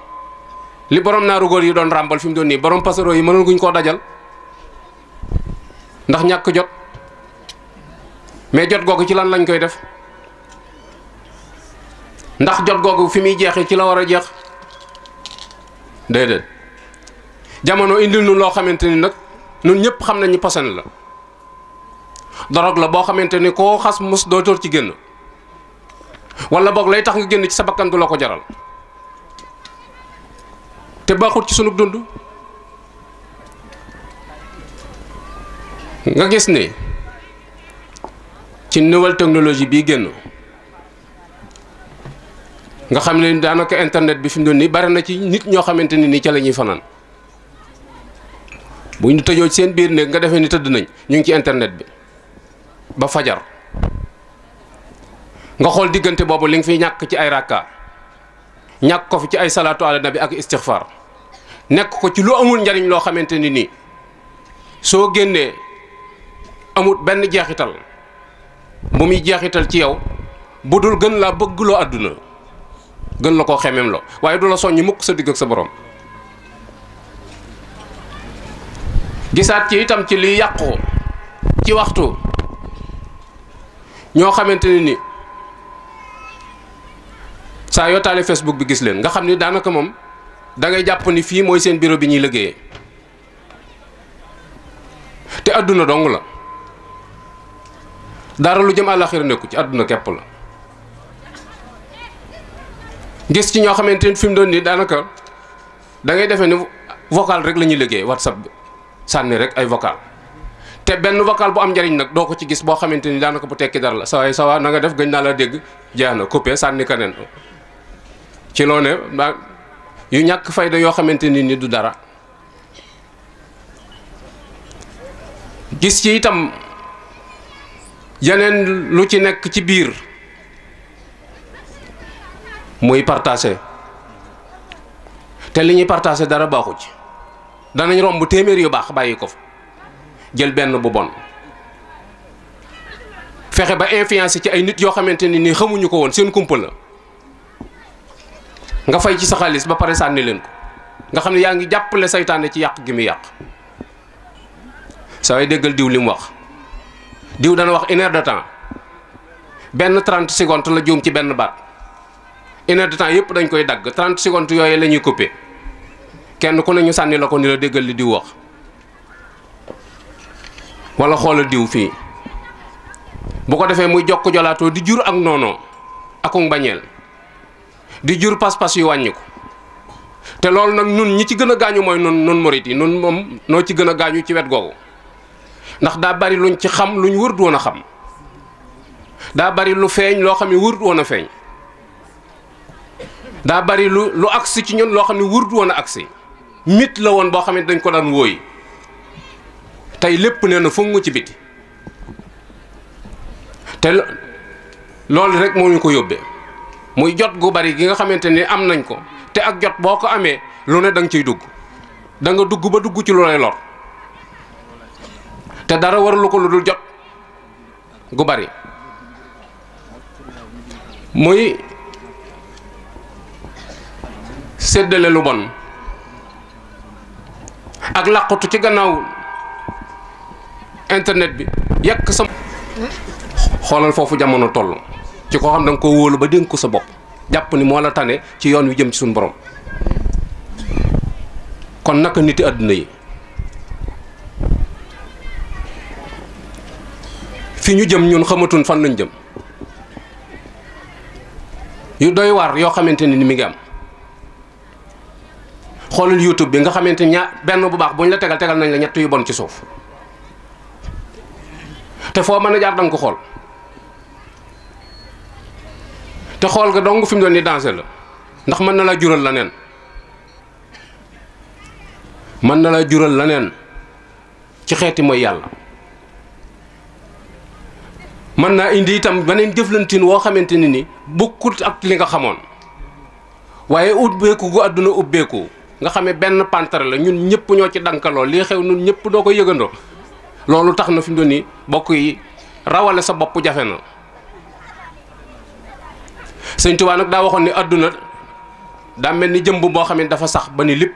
li borom naaru góor yi doon rambal fim mu doon nii borom yi guñ ko dajal ndax ñak jot mais jot gogu ci lan lañ koy def ndax jot gogu fimi jexé ci la wara jex dedet jamono indil nu lo xamanteni nak ñun ñepp xamnañ ni passane la dorog la bo xamanteni ni xass mus do tor ci genn wala bok lay tax nga genn ci sa du lako jaral te baaxul ci sunu dund nga gis ni ci nouvelle technologie bii génn nga xam ne daanaka internet bi fi mu doon nii bari na ci nit ñoo xamante ne nii ca lañuy ñuy fanaan bu ñu tëjoo seen biir néeg nga defe ni tëdd nañ ñu ngi ci internet bi ba fajar nga xool diggante boobu li nga fiy ñàkk ci ay rakka ñak ko fi ci ay salatu ala nabi ak istighfar. Nek ko ci lu amul ndariñ lo xamanteni ni So genné amut ben jeexital bu mi jeexital ci yow budul gën la bëgg lo aduna gën la ko xemeem lo waye du la mukk sa digg ak sa borom gisat ci itam ci li yàqu ci waxtu ño xamanteni ni saa yoo taalee Facebook bi gis leen nga xam ni daanaka moom dangay ngay jàpp ni fii mooy seen biro bi ñuy liggéeyee te àdduna dong la dara lu jëm àllaxira nekku ci àdduna képp la gis ci ñoo xamante ni fi mu doon nii daanaka dangay ngay defee ni vocal rek la ñuy liggéey WhatsApp bi sànni rek ay vocal te benn vocal bu am njariñ nag doo ko ci gis boo xamante ni daanaka bu tekki dara la sa waay sa na nga def gëñ naa la dégg jeex na coupé sànni keneen ci loo ne yu ñàkk fayda yoo xamante ni ni du dara gis ci itam yeneen lu ci nekk ci biir muy partagé te li ñuy partagé dara baaxu ci danañ romb téeméer yu baax bàyyi ko fa jël benn bu bon fexe ba influencé ci ay nit yoo xamante ni nii xamuñu ko woon seen kumpa nga fay ci sa xaliss ba paré sanni len ko nga xamni ya nga jappalé saytane ci yàq gi mi yàq saway deggal diw lim wax diw dana wax une heure de temps ben 30 secondes la joom ci ben bat une heure de temps yépp dañ koy dag 30 secondes yoyé lañuy couper kenn ku ne sanni lako ni la deggal li di wax wala xol diw fi bu ko defee muy jokk jolaatoo di jur ak nono akum bañeel di jur pas-pas yu wàññi ko te loolu nag nun ñi ci gën a gaañu mooy nun nun murit yi nun moom noo ci gën a gaañu ci wet googu ndax daa bari luñ ci xam luñ wërdu woon a xam daa bari lu feeñ loo xam ne wërdu woon a feeñ daa bari lu lu agsi ci ñun loo xam ne wërdu woon a agsi mit la woon boo xam ne dañ ko daan wóoy tey lépp nee na foog ci biti te loolu rek moo ko yóbbee muy jot gu bari gi nga xamante ni am nañ ko te ak jot boo ko amee lu ne da nga ciy dugg danga dugg ba dugg ci lu lay lor te dara waralu ko lu dul jot gu bari muy séddale lu bon ak làqutu ci gannaaw internet bi sa sama xoolal foofu jamono tollu ci koo xam da nga ko wóolu ba dénk ko sa bopp jàpp ni moo la tane ci yoon wi jëm ci suñu borom kon naka niti àdduna yi fi ñu jëm ñun xamatuñ fan lañ jëm yu doy waar yoo xamante ni mi ngi am xoolal YouTube bi nga xamante ni ña benn bu baax bu ñu la tegal tegal nañ la ñett yu bon ci suuf te foo mën a jaar danga ko xool. te xool nga dong fi mu doon ni danger la ndax mën na laa jural la neen mën na jural la ci xeeti mooy yàlla mën naa indi itam beneen jëflantin woo xamante ni ni bokkut ak li nga xamoon waaye ubbeeku gu àdduna ubbeeku nga xamee benn pantar la ñun ñëpp ñoo ci dànkaloo lii xew ñun ñëpp doo ko yëgandoo loolu tax na fi doon nii bokk yi rawale sa bopp jafe na sëñ touba nak da waxoon ni aduna da melni jëm bu bo xam dafa sax ba ni lepp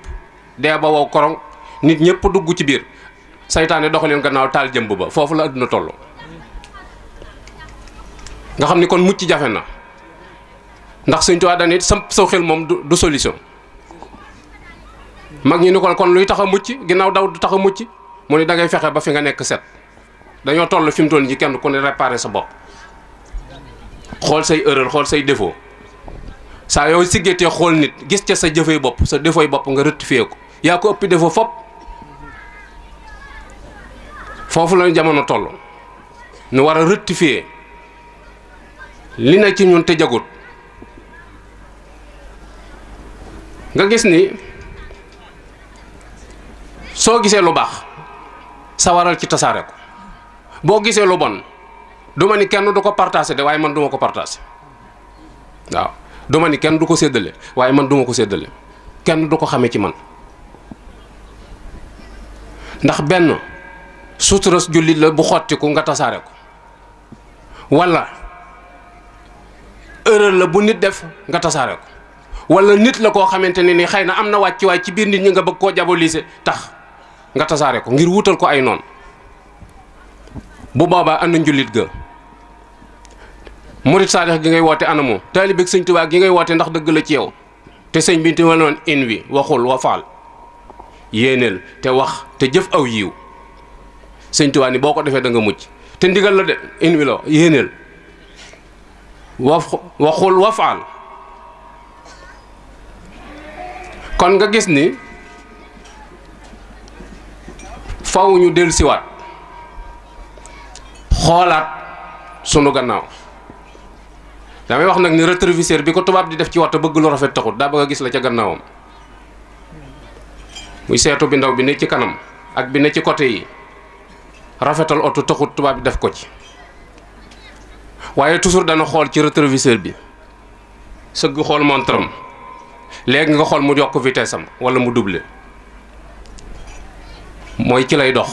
de ba wow korong nit ñepp duggu ci biir saytaane dox leen gannaaw taal bu ba fofu la aduna tollu nga xamni kon mucc jafe na ndax sëñ touba daan it so xel mom du solution mag ñi ni kon kon luy taxa mucc ginnaaw daw du taxa mucc mo ni da ngay fexé ba fi nga nek set dañu tollu fim tollu toll kenn ku ne réparer sa bop xol say erreur xol say défaut sa yow siggatee xol nit gis ci sa jëfee bop sa défaut bop nga rectifier ko ya ko uppi défaut fop fofu lañu jamono toll ñu wara rectifier li na ci ñun te jagut nga gis ni so gisee lu bax sa waral ci tasaare ko bo gisee lu bon du ma ni kenn du ko partagé de waaye man du ma ko partagé waaw du ma ni kenn du ko séddale waaye man du ko séddale kenn du ko xamee ci man ndax benn suturas jullit la bu xottiku nga tasaare ko wala erreur la bu nit def nga tasaare ko wala nit la koo xamante ne ni xëy na am na wàcc waay ci biir nit ñi nga bëgg koo diaboliser tax nga tasaare ko ngir wutal ko ay noon bu boobaa ànd njullit ga murit saadix gi ngay woote anamu taalibeeg sëñ Tuubaa gi ngay woote ndax dëgg la ci yow te sëñ bi ñu in wi waxul wa faal yéeneel te wax te jëf aw yiw sëñ Tuubaa ni boo ko defee danga nga mucc te ndigal la de in wi la yéeneel waxul wa kon nga gis ni faw ñu siwaat xoolaat sunu gannaaw damay wax nag ni rétroviseur bi ko tubaab di def ci waxtu bëgg lu rafet taxut daa bëgg a gis la ca gannaawam muy seetu bi ndaw bi ne ci kanam ak bi ne ci côté yi rafetal oto taxut tubaab bi def ko ci waaye toujours dana xool ci rétroviseur bi sëgg xool montram léegi nga xool mu yokk vitesse am wala mu duble mooy ci lay dox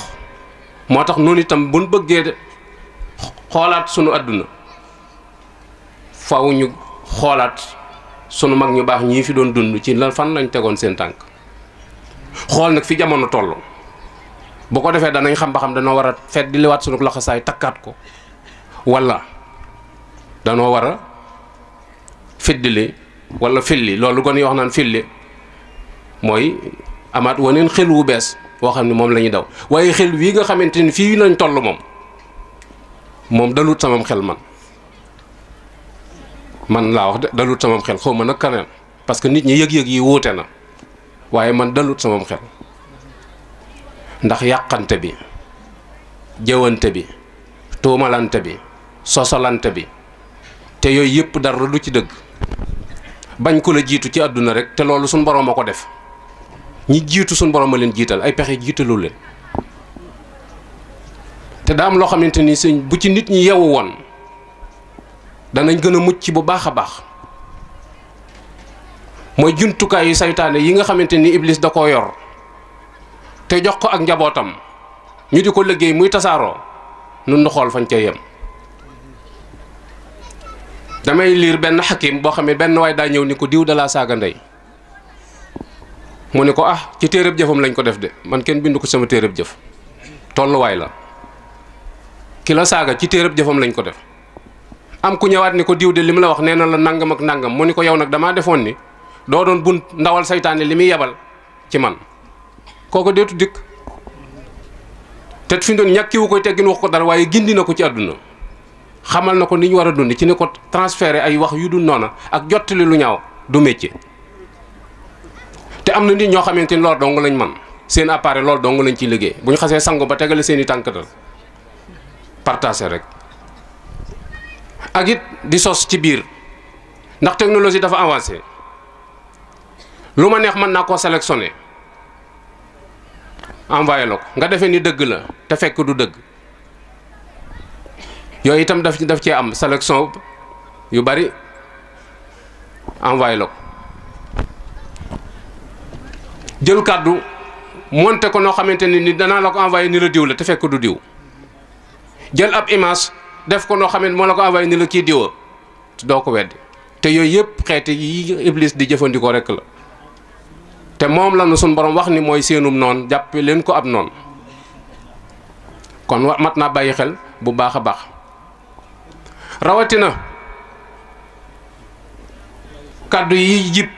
moo tax noonu itam buñ bëggee xoolaat sunu àdduna faw ñu xoolaat sunu mag ñu baax ñii fi doon dund ci lan fan lañ tegoon seen tànk xool nag fi jamono toll bu ko defee danañ xam ba xam danoo war a fet di liwaat sunu takkaat ko wala danoo war a fiddili wala filli loolu gone yi wax naan filli mooy amaat waneen xel wu bees boo xam ne moom la ñuy daw waaye xel wii nga xamante ni fii lañ toll moom moom dalut samam xel man man laa wax de dalut samam xel xaw ma nag kaneen parce que nit ñi yëg-yëg yi wuute na waaye man dalut samam xel ndax yàqante bi jëwante bi tuumalante bi sosolante bi te yooyu yëpp dara du ci dëgg bañ ko la jiitu ci àdduna rek te loolu suñ borom a ko def ñi jiitu suñ borom a leen jiital ay pexe jiitalu leen té da am lo xamanteni señ bu ci nit ñi yewu won da nañ gëna mucc bu baax moy baax mooy saytane yi nga xamanteni iblis da ko yor té jox ko ak njabotam ñu diko liggéey muy tasaaroo nun ñu xol fañ ca yem damay liir ben hakim bo xamé ben way da ñew ni ko diw da la saga ndey mu ne ko ah ci téréb jëfum lañ ko def de man kenn bindu ko sama téréb jëf way la ki la saaga ci téereb jëfam lañ ko def am ku ñëwaat ni ko diw de li mu la wax nee na la nangam ak nangam mu ni ko yow nag damaa defoon ni doo doon bunt ndawal seytaane li muy yebal ci man kooko deetu dikk te fi mu doon ñàkkiwu koy teggin wax ko dara waaye gindi na ko ci àdduna xamal na ko ni ñu war a dund ci ni ko transféré ay wax yu dul noona ak jottali lu ñaaw du métier te am na nit ñoo xamante ni loolu dong lañ man seen appareil loolu dong lañ ciy liggéey bu ñu xasee ba tegale seen i tànkatal partager rek agit di sos ci bir ndax technologie dafa avancer luma neex man nako sélectionner ya? envoyé lok nga defé ni deug la te fekk du deug yoy itam daf daf ci am sélection yu bari envoyé lok ko jël kàddu monte ko no xamanteni ni dana lako envoyé ni la diw la te fekk du diw jël ab image def ko no xam mo la ko envoyé ni la ki diwo do ko wedd te yoy yep yi iblis di jëfëndiko rek la te mom la nu suñ borom wax ni moy senum non leen ko ab non kon mat na bàyyi xel bu baax rawatina kaddu yi jip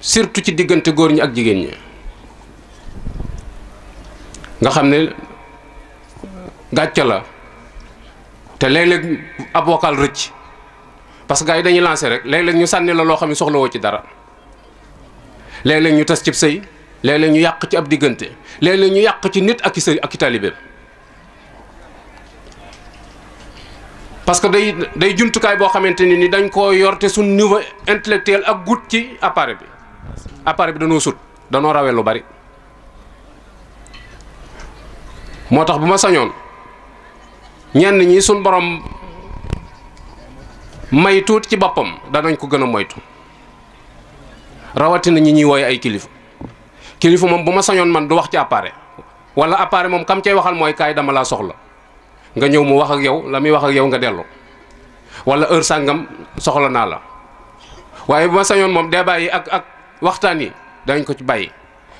surtout ci digënté goor ñi ak jigéen ñi nga xamné gàcce la te léeg-léeg ab vocal rëcc parce que yi dañuy lancé rek léeg-léeg ñu sànni la loo xam ne soxlawoo ci dara léeg-léeg ñu tas cib sëy léeg-léeg ñu yàq ci ab diggante léeg-léeg ñu yàq ci nit ak i sëy ak i parce que day day jumtukaay boo xamante ni ni dañ koo yorte te suñ niveau intellectuel ak gut ci appareil bi appareil bi danoo sut danoo rawee lu bari moo tax bu ma sañoon. ñen ñi sun borom may tuut ci da nañ ko gëna moytu rawati na ñi ñi woy ay kilifa kilifa mom buma ma man du wax ci appareil wala appareil mom kam cey waxal moy kay dama la soxla nga ñew mu wax ak yow lamuy wax ak yow nga dellu wala heure sangam soxla na la waye bu sañon mom moom dee ak ak waxtaan yi dañ ko ci bayyi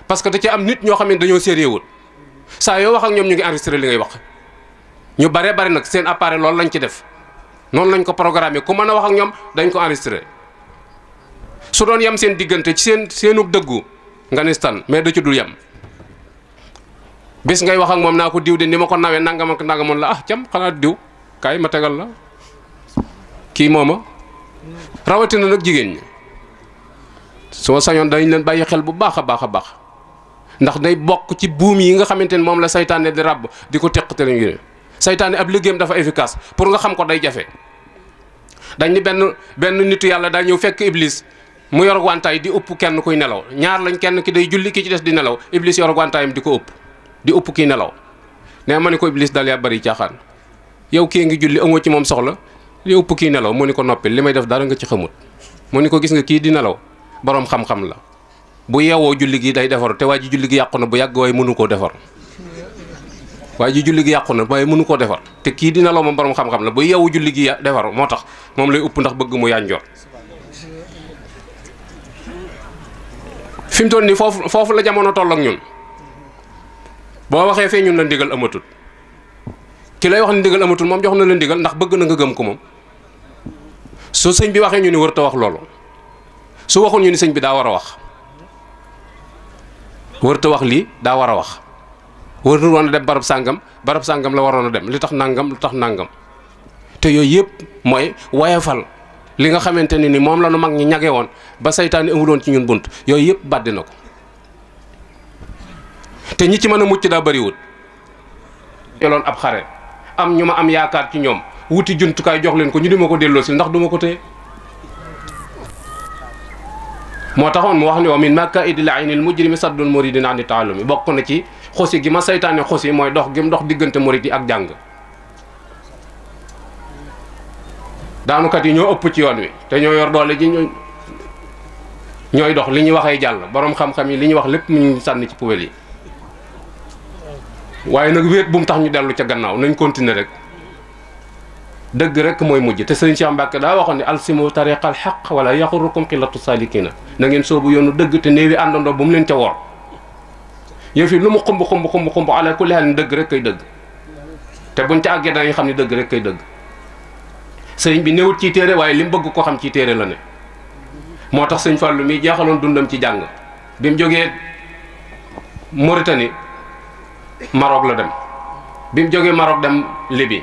parce que da ci am nit ño xamne dañu sérieux wut wax ak ñom ñu ngi enregistrer li ngay wax ñu bare bare nak seen appareil lool lañ ci def non lañ ko programmé ku mëna wax ak ñom dañ ko enregistrer su doon yam seen digënté ci seen seenu dëggu nga mais da ci dul yam bis ngay wax ak mom naa ko diw de nima ko nawé nangam ak nangam la ah cham xala diiw kay ma tégal la moma rawati na nak jigéen ñi so sañon dañ leen bayyi xel bu baaxa baaxa baax ndax day bok ci boom yi nga xamantene mom la saytaane di rab diko ko saytane ab liggéeyam dafa efficace pour nga xam ko day jafé dañ ni ben ben nitu yalla da ñew fekk iblis mu yor wantaay di upp kenn kuy nelaw ñaar lañ kenn ki day julli ki ci dess di nelaw iblis yor wantaayam di ko upp di upp ki nelaw ne mané ko iblis dal ya bari xaan yow ki nga julli amoo ci mom soxla li upp ki nelaw mo ni ko noppi limay def dara nga ci xamut mo ni ko gis nga ki di nelaw borom xam-xam la bu yewoo julli gi day defar te waji julli gi bu way mënu ko defar wa ji julli gi yàqu na waaye mënu koo defar te ki dina lo mom borom xam-xam la bu yow julli gi ya-, defar motax mom lay upp ndax bëgg mu yànjoor fim ton ni fofu fofu la jamono toll ñun bo waxe fe ñun la ndigal amatul ki lay wax ni ndigal amatul mom jox na la ndigal ndax bëgg na nga gëm ko mom so señ bi waxe ñu ni warut wax lolu su ñu ni señ bi da wara wax wax li da wara wax. warul woon a dem barab sàngam barab sàngam la waroon a dem li tax nangam lu tax nangam te yooyu yëpp mooy wayafal li nga xamante ne ni moom la nu mag ñi ñage woon ba seytaane yi amuloon ci ñun bunt yooyu yëpp bàddi na ko te ñi ci mën a mucc daa bëriwul. yoloon ab xare am ñu ma am yaakaar ci ñoom wuti juntukaay jox leen ko ñu di ma ko delloo si ndax du ma ko téye moo taxoon mu wax ni wa min makaidil aynil mujrimi saddul muridin ani taalumi bokk na ci. xosi gi ma saytaane xosi moy dox gi dox diggante mouride ak ak daanu kat yi ñoo upp ci yoon wi te ñoo yor doole ji ñoo ñoy dox li ñuy jall borom xam-xam yi li wax lepp ñu sanni ci poubelle yi waye nak wéet bu mu tax ñu delu ci gannaaw nañ continuer rek deug rek moy mujj te serigne Cheikh Mbacke daa waxoon ne alsimu tariqal haqq wala yaqurukum qillatu salikin na ngeen soobu yoonu deug te neewi andando bu mu len ci wor yëf yi lu mu xumb xumb xumb xumb ala kulli haal dëgg rek ay dëgg te buñ ca àggee danañ xam ne dëgg rek ay dëgg sëriñ bi néewut ci téere waaye li mu bëgg ko xam ci téere la ne moo tax sëñ Fallou mi jeexaloon dundam ci jàng bi mu jógee Mauritanie Maroc la dem bi mu jógee Maroc dem Libye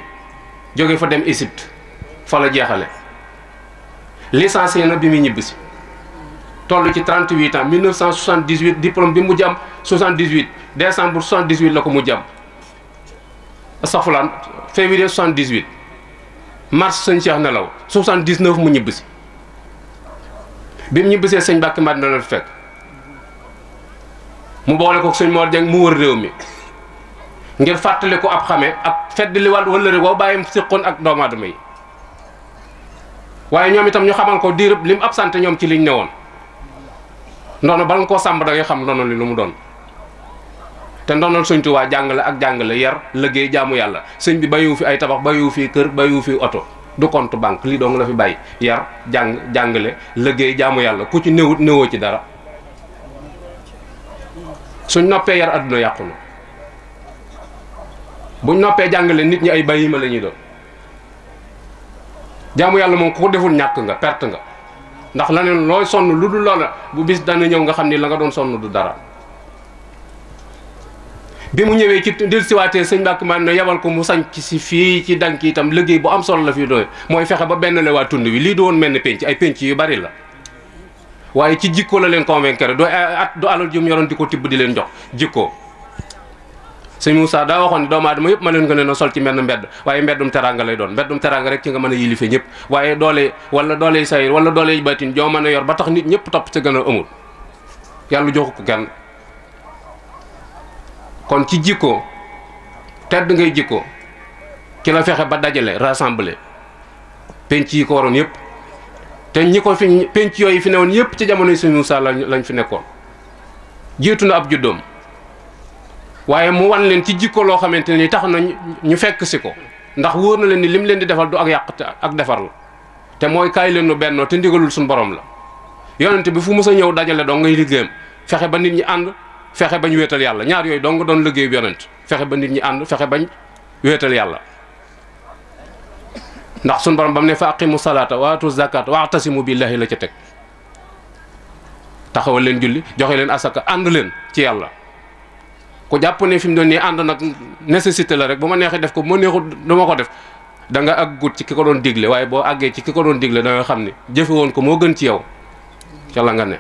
jóge fa dem Égypte fa la jeexale licencié na bi muy ñibbisi toll ci 38 ans 1978 diplôme bi mu jàmm 78 décembre 78 la ko mu jàmm safulaan février 78 mars sëñ Cheikh nelaw 79 mu ñibbisi bi mu ñibbisee sëñ Mbàkke Madina la fekk mu boole ko sëñ Mor Jeng mu wër réew mi ngir fàttali ko ab xame ak feddali wàllu wëllëre woo bàyyim siqoon ak doomu aadama yi waaye ñoom itam ñu xamal ko diirëb lim absenté ñoom ci liñ ne woon ndono bala nga koo sàmb da ngay xam ndono li lu mu doon te ndonal sëñ Tuubaa jàngale ak jàngale yar liggéey jaamu yàlla sëñ bi bàyyiwu fi ay tabax bàyyiwu fi kër bàyyiwu fi oto du compte banque lii doon la fi bàyyi yar jàng jàngale liggéey jaamu yàlla ku ci néewut néewoo ci dara suñ noppee yar àdduna yàqu na buñ noppee jàngale nit ñi ay bàyyima la ñuy doon jaamu yàlla moom ku ko deful ñàkk nga perte nga ndax la neen looy sonn lu dul loola bu bis dana ñëw nga xam ni la nga doon sonn du dara bi mu ñëwee ci dil siwaatee sëñ Mbàkke man ne yebal ko mu sanc si fii ci dank itam liggéey bu am solo la fi doy mooy fexe ba benn la waa tund wi lii du woon mel ni penc ay pénc yu bari la waaye ci jikkoo la leen convaincre du at du alal jum yoroon di ko tibb di leen jox jikko sëñ Moussa daa waxoon ne doomu aadama yëpp ma leen gën a sol ci menn mbedd waaye mbeddum teranga lay doon mbeddum teranga rek ci nga mën a yilife ñëpp waaye doole wala doole sayir wala doole batin joo mën a yor ba tax nit ñëpp topp sa gën a amul yàlla joxu ko kenn kon ci jikko tedd ngay jikko ki la fexe ba dajale rassembler penc yi ko waroon yëpp te ñi ko fi penc yooyu fi newoon yëpp ci jamono sëñ Moussa lañ fi nekkoon jiitu na ab juddoom waye mu wan len ci jikko lo xamanteni tax na ñu fekk ci ko ndax woor na len ni lim len di defal du ak yaq ak defar la te moy kay len nu benno te ndigalul sun borom la yonente bi fu musa ñew dajale do ngay liggeem fexé ba nit ñi and fexé bañ wétal yalla ñaar yooyu dong doon liggéeyu yonent fexé ba nit ñi and fexé bañ wétal yalla ndax sun borom bam ne fa aqimu wa tu zakat waxtasimu billahi la ci tek taxawal len julli joxe len asaka and len ci yalla ko japp ne fim mu doon nii la rek buma nexé def ko mo nexu du ko def da nga àggut ci kiko ko doon digle waaye boo àggee ci kiko ko doon digle da nga xam jëfé won ko mo gën ci yow ci la nga ne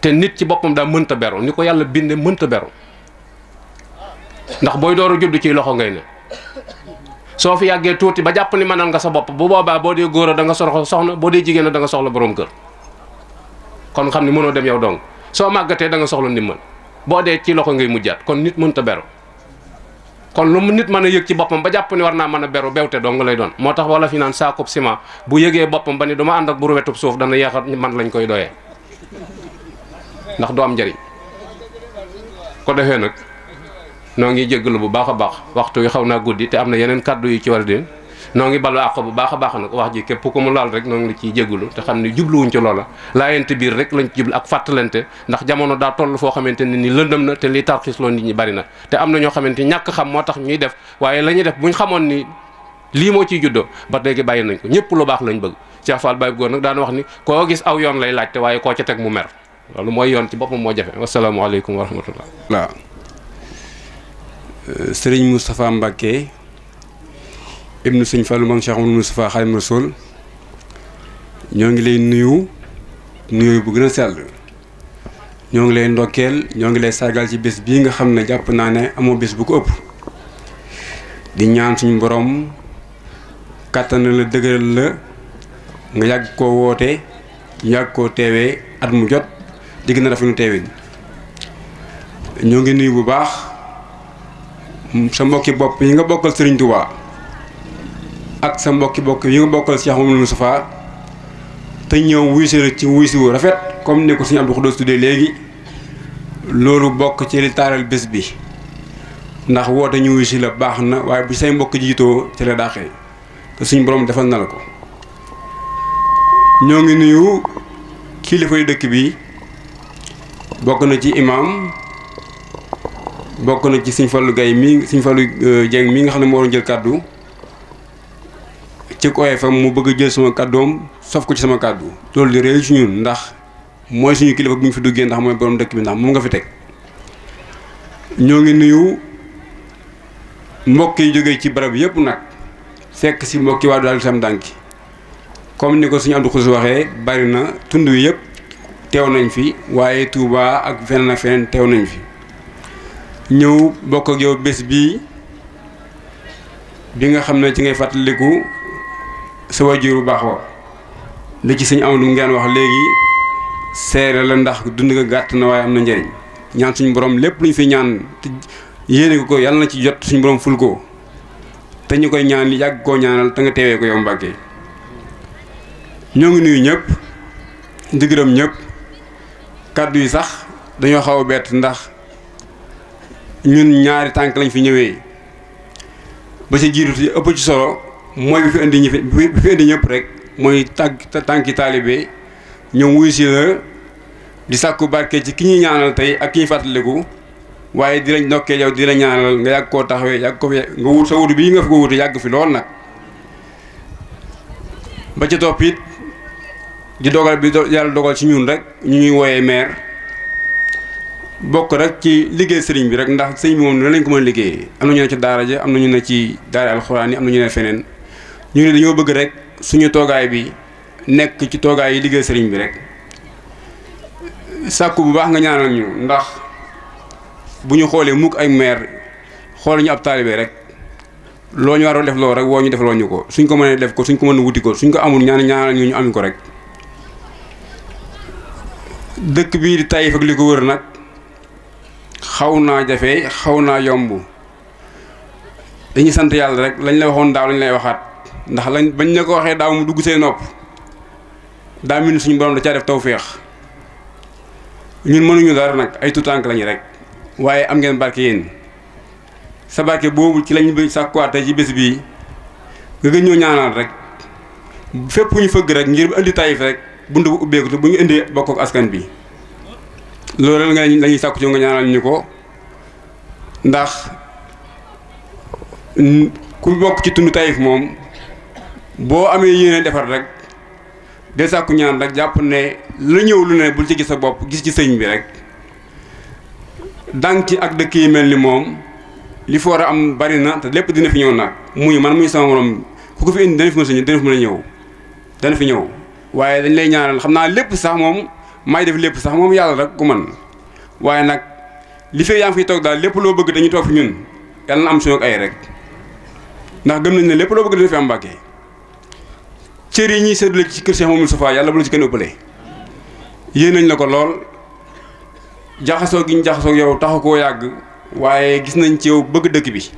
té nit ci boppam daa mënta beru niko yalla bindé binde mënta beru ndax boy dooro judd ci loxo ngay ne so fi yagge touti ba japp ni manal nga sa bop bu boba bo de goro da nga soxlo soxna bo de jigen da nga soxlo borom keur kon xamni mëno dem yow dong so màggatee da nga soxlo ndimbal bo de ci loxo ngay mujjat kon nit ta beru kon lu mana nit mëna a yëg ci bopam ba japp ni warna mëna bero bewte beru nga lay doon motax wala fi sa coupe ciment bu yëgee bopam bani duma buru wetup suuf dana yeex man lañ koy doyee ndax do am jari ko nongi nak no ngi jéggalu bu baaxa baax waxtu yi xawna guddi na yeneen yu ci war noo ngi balu bu baax a baax nag wax ji képp ko mu laal rek noo ngi la ciy jégalu te xam ne jubluwuñ ci loola laayante biir rek lañ ci jublu ak fàttalante ndax jamono daa toll foo xamante ne ni lëndëm na te lii tarxis loo nit ñi bari na te am na ñoo xamante ñàkk xam moo tax ñuy def waaye la ñuy def buñ xamoon ni lii moo ciy juddoo ba léegi bàyyi nañ ko ñëpp lu baax lañ bëgg Cheikh Fall Baye Góor nag daana wax ni koo gis aw yoon lay laajte waaye koo ca teg mu mer loolu mooy yoon ci boppam moo jafe wasalaamaaleykum wa rahmatullah waaw euh, Serigne Moustapha Mbacké ibnu sëñ Fallou moom Cheikh Amadou Moustapha Xaadimu Rasuul ñoo ngi lay nuyu nuyu bu gën a sell ñoo ngi lay ndokkeel ñoo ngi lay sargal ci bés bii nga xam ne jàpp naa ne amoo bés bu ko ëpp di ñaan suñu boroom kàttan la dëgëral la nga yàgg koo woote yàgg koo teewee at mu jot di gën a rafetlu teewin ñoo ngi nuyu bu baax sa mbokki bopp yi nga bokkal Sëriñ Tuubaa ak sa mbokki bokk yi nga bokkal Cheikh Mamadou Moustapha te ñëw wuy si ci wuy si wu rafet comme ni ko suñu Abdou Khoudoss tuddee léegi loolu bokk ci li taaral bés bi ndax woote ñu wuy si la baax na waaye bu say mbokk jiitoo ci la te suñu borom defal na la ko ñoo ngi nuyu kilifay dëkk bi bokk na ci imam bokk na ci Sëñ Fallu Gay mi Sëñ Fallu Jeng euh, mi nga xam ne moo waroon jël kàddu ci fa mu bëgg a jël sama kàddoom sof ko ci sama kàddu loolu di réew ci ñun ndax mooy suñu kilifa bu ñu fi duggee ndax mooy borom dëkk bi ndax moom nga fi teg ñoo ngi nuyu mbokk yi jógee ci barab yëpp nag fekk si mbokk yi waa daal sam comme ni ko suñu Abdou Xus waxee bari na tund wi yëpp teew nañ fi waaye Touba ak feneen ak feneen teew fi ñëw bokk ak yow bés bii bi nga xam ne ci ngay fàttaliku sa waajur bu baax wa li ci sëñ Amadou ngeen wax léegi seere la ndax dund nga gàtt na waaye am na njëriñ ñaan suñu boroom lépp lu ñu fi ñaan te yéene ko yàlla na ci jot suñu boroom ful ko te ñu koy ñaan yàgg koo ñaanal te nga teewee ko yow Mbàkke ñoo ngi nuyu ñëpp di gërëm ñëpp kàddu yi sax dañoo xaw a bett ndax ñun ñaari tànk lañ fi ñëwee ba ci jiitu ëpp ci solo. mooy bi fi indi ñëpp rek mooy tànk tànki taalibe ñoom wuyu si la di sàkku barke ci ki ñuy ñaanal tey ak ki ñuy fàttaliku waaye di lañ nokkee yow di la ñaanal nga yàgg koo taxawee yàgg ko fi nga wut sa wut bii nga fi ko wut yàgg fi lool nag ba ca topp di dogal bi yàlla dogal ci ñun rek ñu ñuy wooyee maire bokk rek ci liggéey sëriñ bi rek ndax sëriñ bi moom danañ ko mën liggéey am na ñu ne ci daara ja am na ñu ne ci daara alxuraan yi am na ñu ne feneen ñu ngi dañoo bëgg rek suñu toogaay bi nekk ci toogaay yi liggéey sëriñ bi rek sàkku bu baax nga ñaanal ñu ndax bu ñu xoolee mukk ay maire xool ñu ab taalibe rek loo ñu war def loo rek woo ñu def loo ñu ko suñ ko mënee def ko suñ ko mën a wuti suñ ko amul ñaan ñaanal ñu ñu am ko rek dëkk bii di Taïf ak li ko wër nag xaw naa jafe xaw naa yomb dañuy sant yàlla rek lañ la waxoon daaw lañ lay waxaat ndax lañ bañ ne ko waxee daaw mu dugg seen nopp daa mel ni suñu borom da caa def tawféex ñun mënuñu dara nag ay tànk lañu rek waaye am ngeen barke yéen sa barke boobu ci lañ bëgg sàkkuwaat tey ci bés bii nga gën ñoo ñaanal rek fépp ñu fëgg rek ngir indi tayif rek bunt bu ubbeeku bu ñu indee bokk askan bi loolu rek lañuy sàkku ci nga ñaanal ñu ko ndax ku bokk ci tund tayif moom boo amee yéene defar rek de sàkku ñaan rek jàpp ne la ñëw lu ne bul ci gis sa bopp gis ci sëñ bi rek dànk ci ak dëkk yi mel ni moom li fi war a am bari na te lépp dina fi ñëw nag muy man muy sama morom ku ko fi indi dana fi mën sa dana fi a ñëw dana fi ñëw waaye dañ lay ñaanal xam naa lépp sax moom may def lépp sax moom yàlla rek ku man waaye nag li fee yaa ngi fiy toog daal lépp loo bëgg dañuy toog fi ñun yàlla na am suñu ay rek ndax gëm nañ ne lépp loo bëgg cër yi ñuy séddale ci kër Cheikh Mamadou Moustapha yàlla bu la ci gën a ëppalee yéen nañ la ko lool jaxasoo gi ñu jaxasoo yow taxu koo yàgg waaye gis nañ ci yow bëgg dëkk bi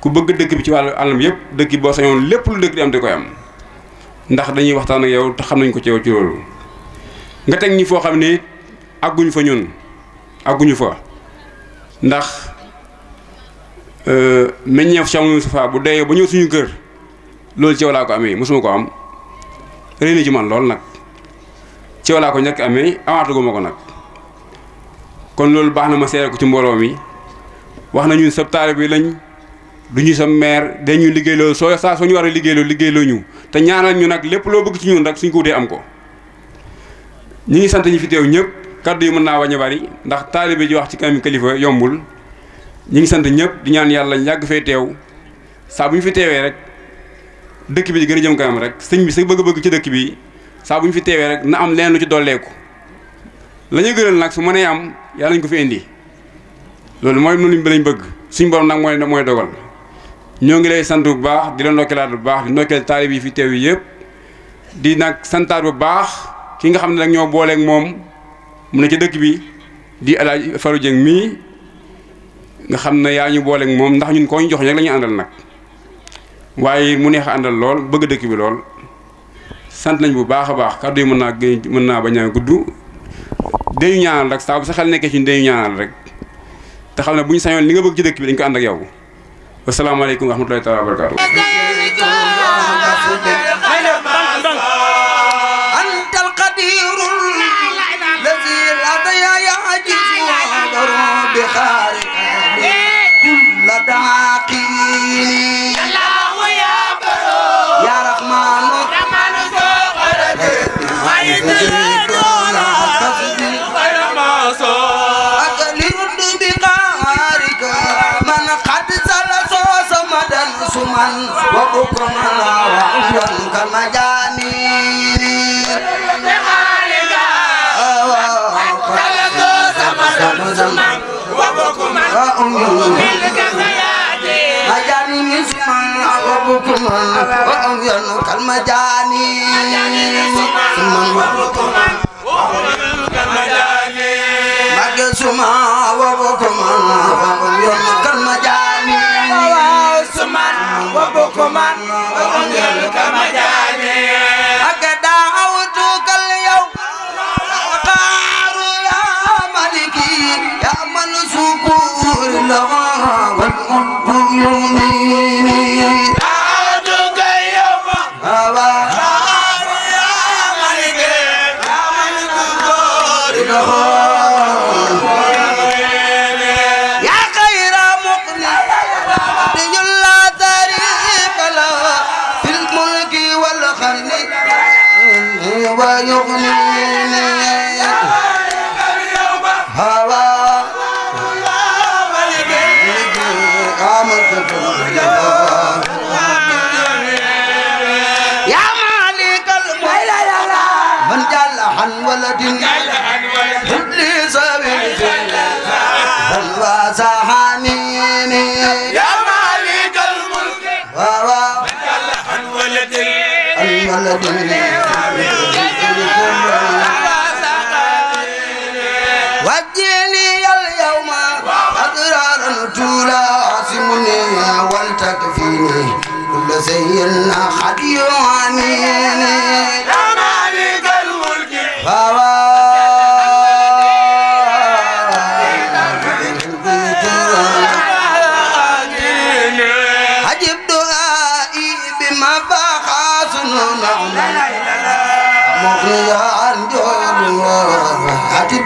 ku bëgg dëkk bi ci wàllu àllam yëpp dëkk bi boo sañoon lépp lu dëkk di am di koy am ndax dañuy waxtaan ak yow te xam nañ ko ci yow ci loolu nga teg ñi foo xam ne àgguñu fa ñun àgguñu fa ndax euh, meññeef Cheikh Mamadou Moustapha bu dee ba ñëw suñu kër loolu ci yow ko amee mosuma ko am. rëy na ci man lool nag ci walaa ko ñàkk amee ma ko nag kon loolu baax na ma seere ko ci mbooloo mi wax na ñun sab taalibe bi lañ du ñu sa maire dañu liggéey loolu soo saa soo ñu war a liggéey loolu liggéey loo ñu te ñaanal ñu nag lépp loo bëgg ci ñun rek suñ ko wutee am ko ñi ngi sant ñi fi teew ñëpp kaddu yi mën naa wañ a bari ndax bi ji wax ci kanam kilifa yombul ñi ngi sant ñëpp di ñaan yàlla yàgg fee teew saa bu ñu fi teewee dëkk bi di gën jëm kanam rek sëñ bi sëñ bëgg-bëgg ci dëkk bi sa buñ fi téwé rek na am leen lu ci dolleeku la ñu gënal nag su mënee am ya lañ ko fi indi loolu mooy noonu lañ bëgg sëñ borom nag na moy dogal ñoo ngi lay sant bu baax di la ndokkeelaat bu baax di ndokkeel taalib yi fi téw yi yépp di nak santaat bu baax ki nga xamne nak ñoo boole ak mom mu ne ci dëkk bi di El faru Fallou mi nga xamne ne yaa ñu booleeg mom ndax ñun koo ñu jox ñek lañu andal nak waaye mu neex àndal lool bëgg dëkk bi lool sant nañ bu baax a baax kàddu yi mën naa gën mën naa bañ a gudd dañu ñaanal rek saabu bu sa xel nekkee ci dañu ñaanal rek te xam ne bu ñu sañoon li nga bëgg ci dëkk bi dañ ko ànd ak yow wasalaamaaleykum wa rahmatulahi taala wa barakatu بكرم وعشيا كالمجانين زمان وبكم وأمي وابوكم وأميان كالمجاني ثم وابوكم وأميان كالمجاني مجسومان Come on. وابدلي اليوم أضرارا تلاسمني ولتكفيني كل شيء خديعني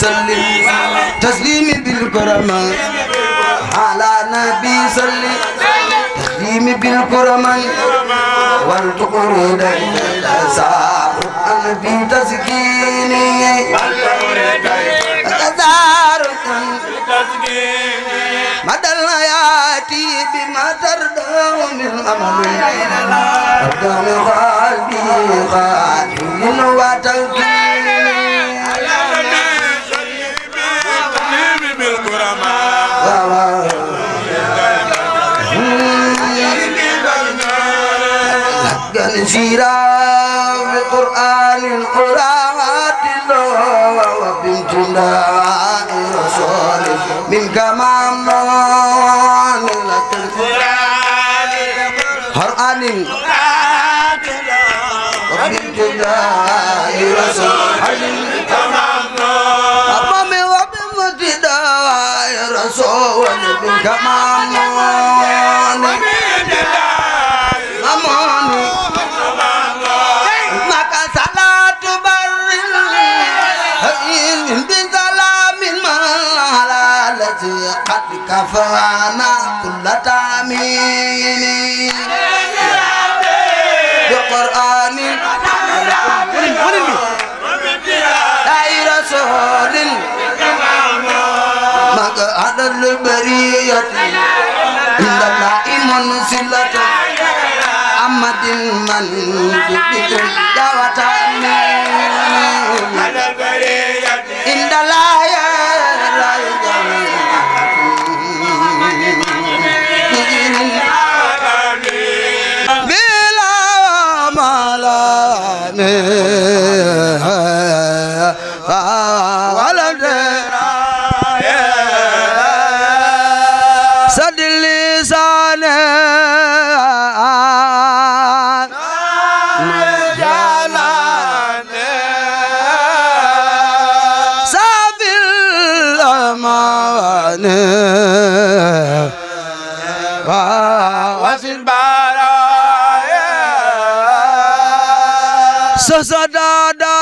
سلم تسليمي بالكرم على نبي سلم تسليمي بالكرم والقرود إلى أنا في تسكيني أدار مدى بما ترضى من قلبي بشيرا بقرآن القرآن وبنتنا رسول من كمام لك القرآن قرآن وبنتنا رسول من كمام أمامي وبنتنا رسول من كمام قد كفانا كل تامين بقرآن دائرة سهول مقعد البرية عند الله منزلة أمد من تبت دعوته وفي البرايا سسدادا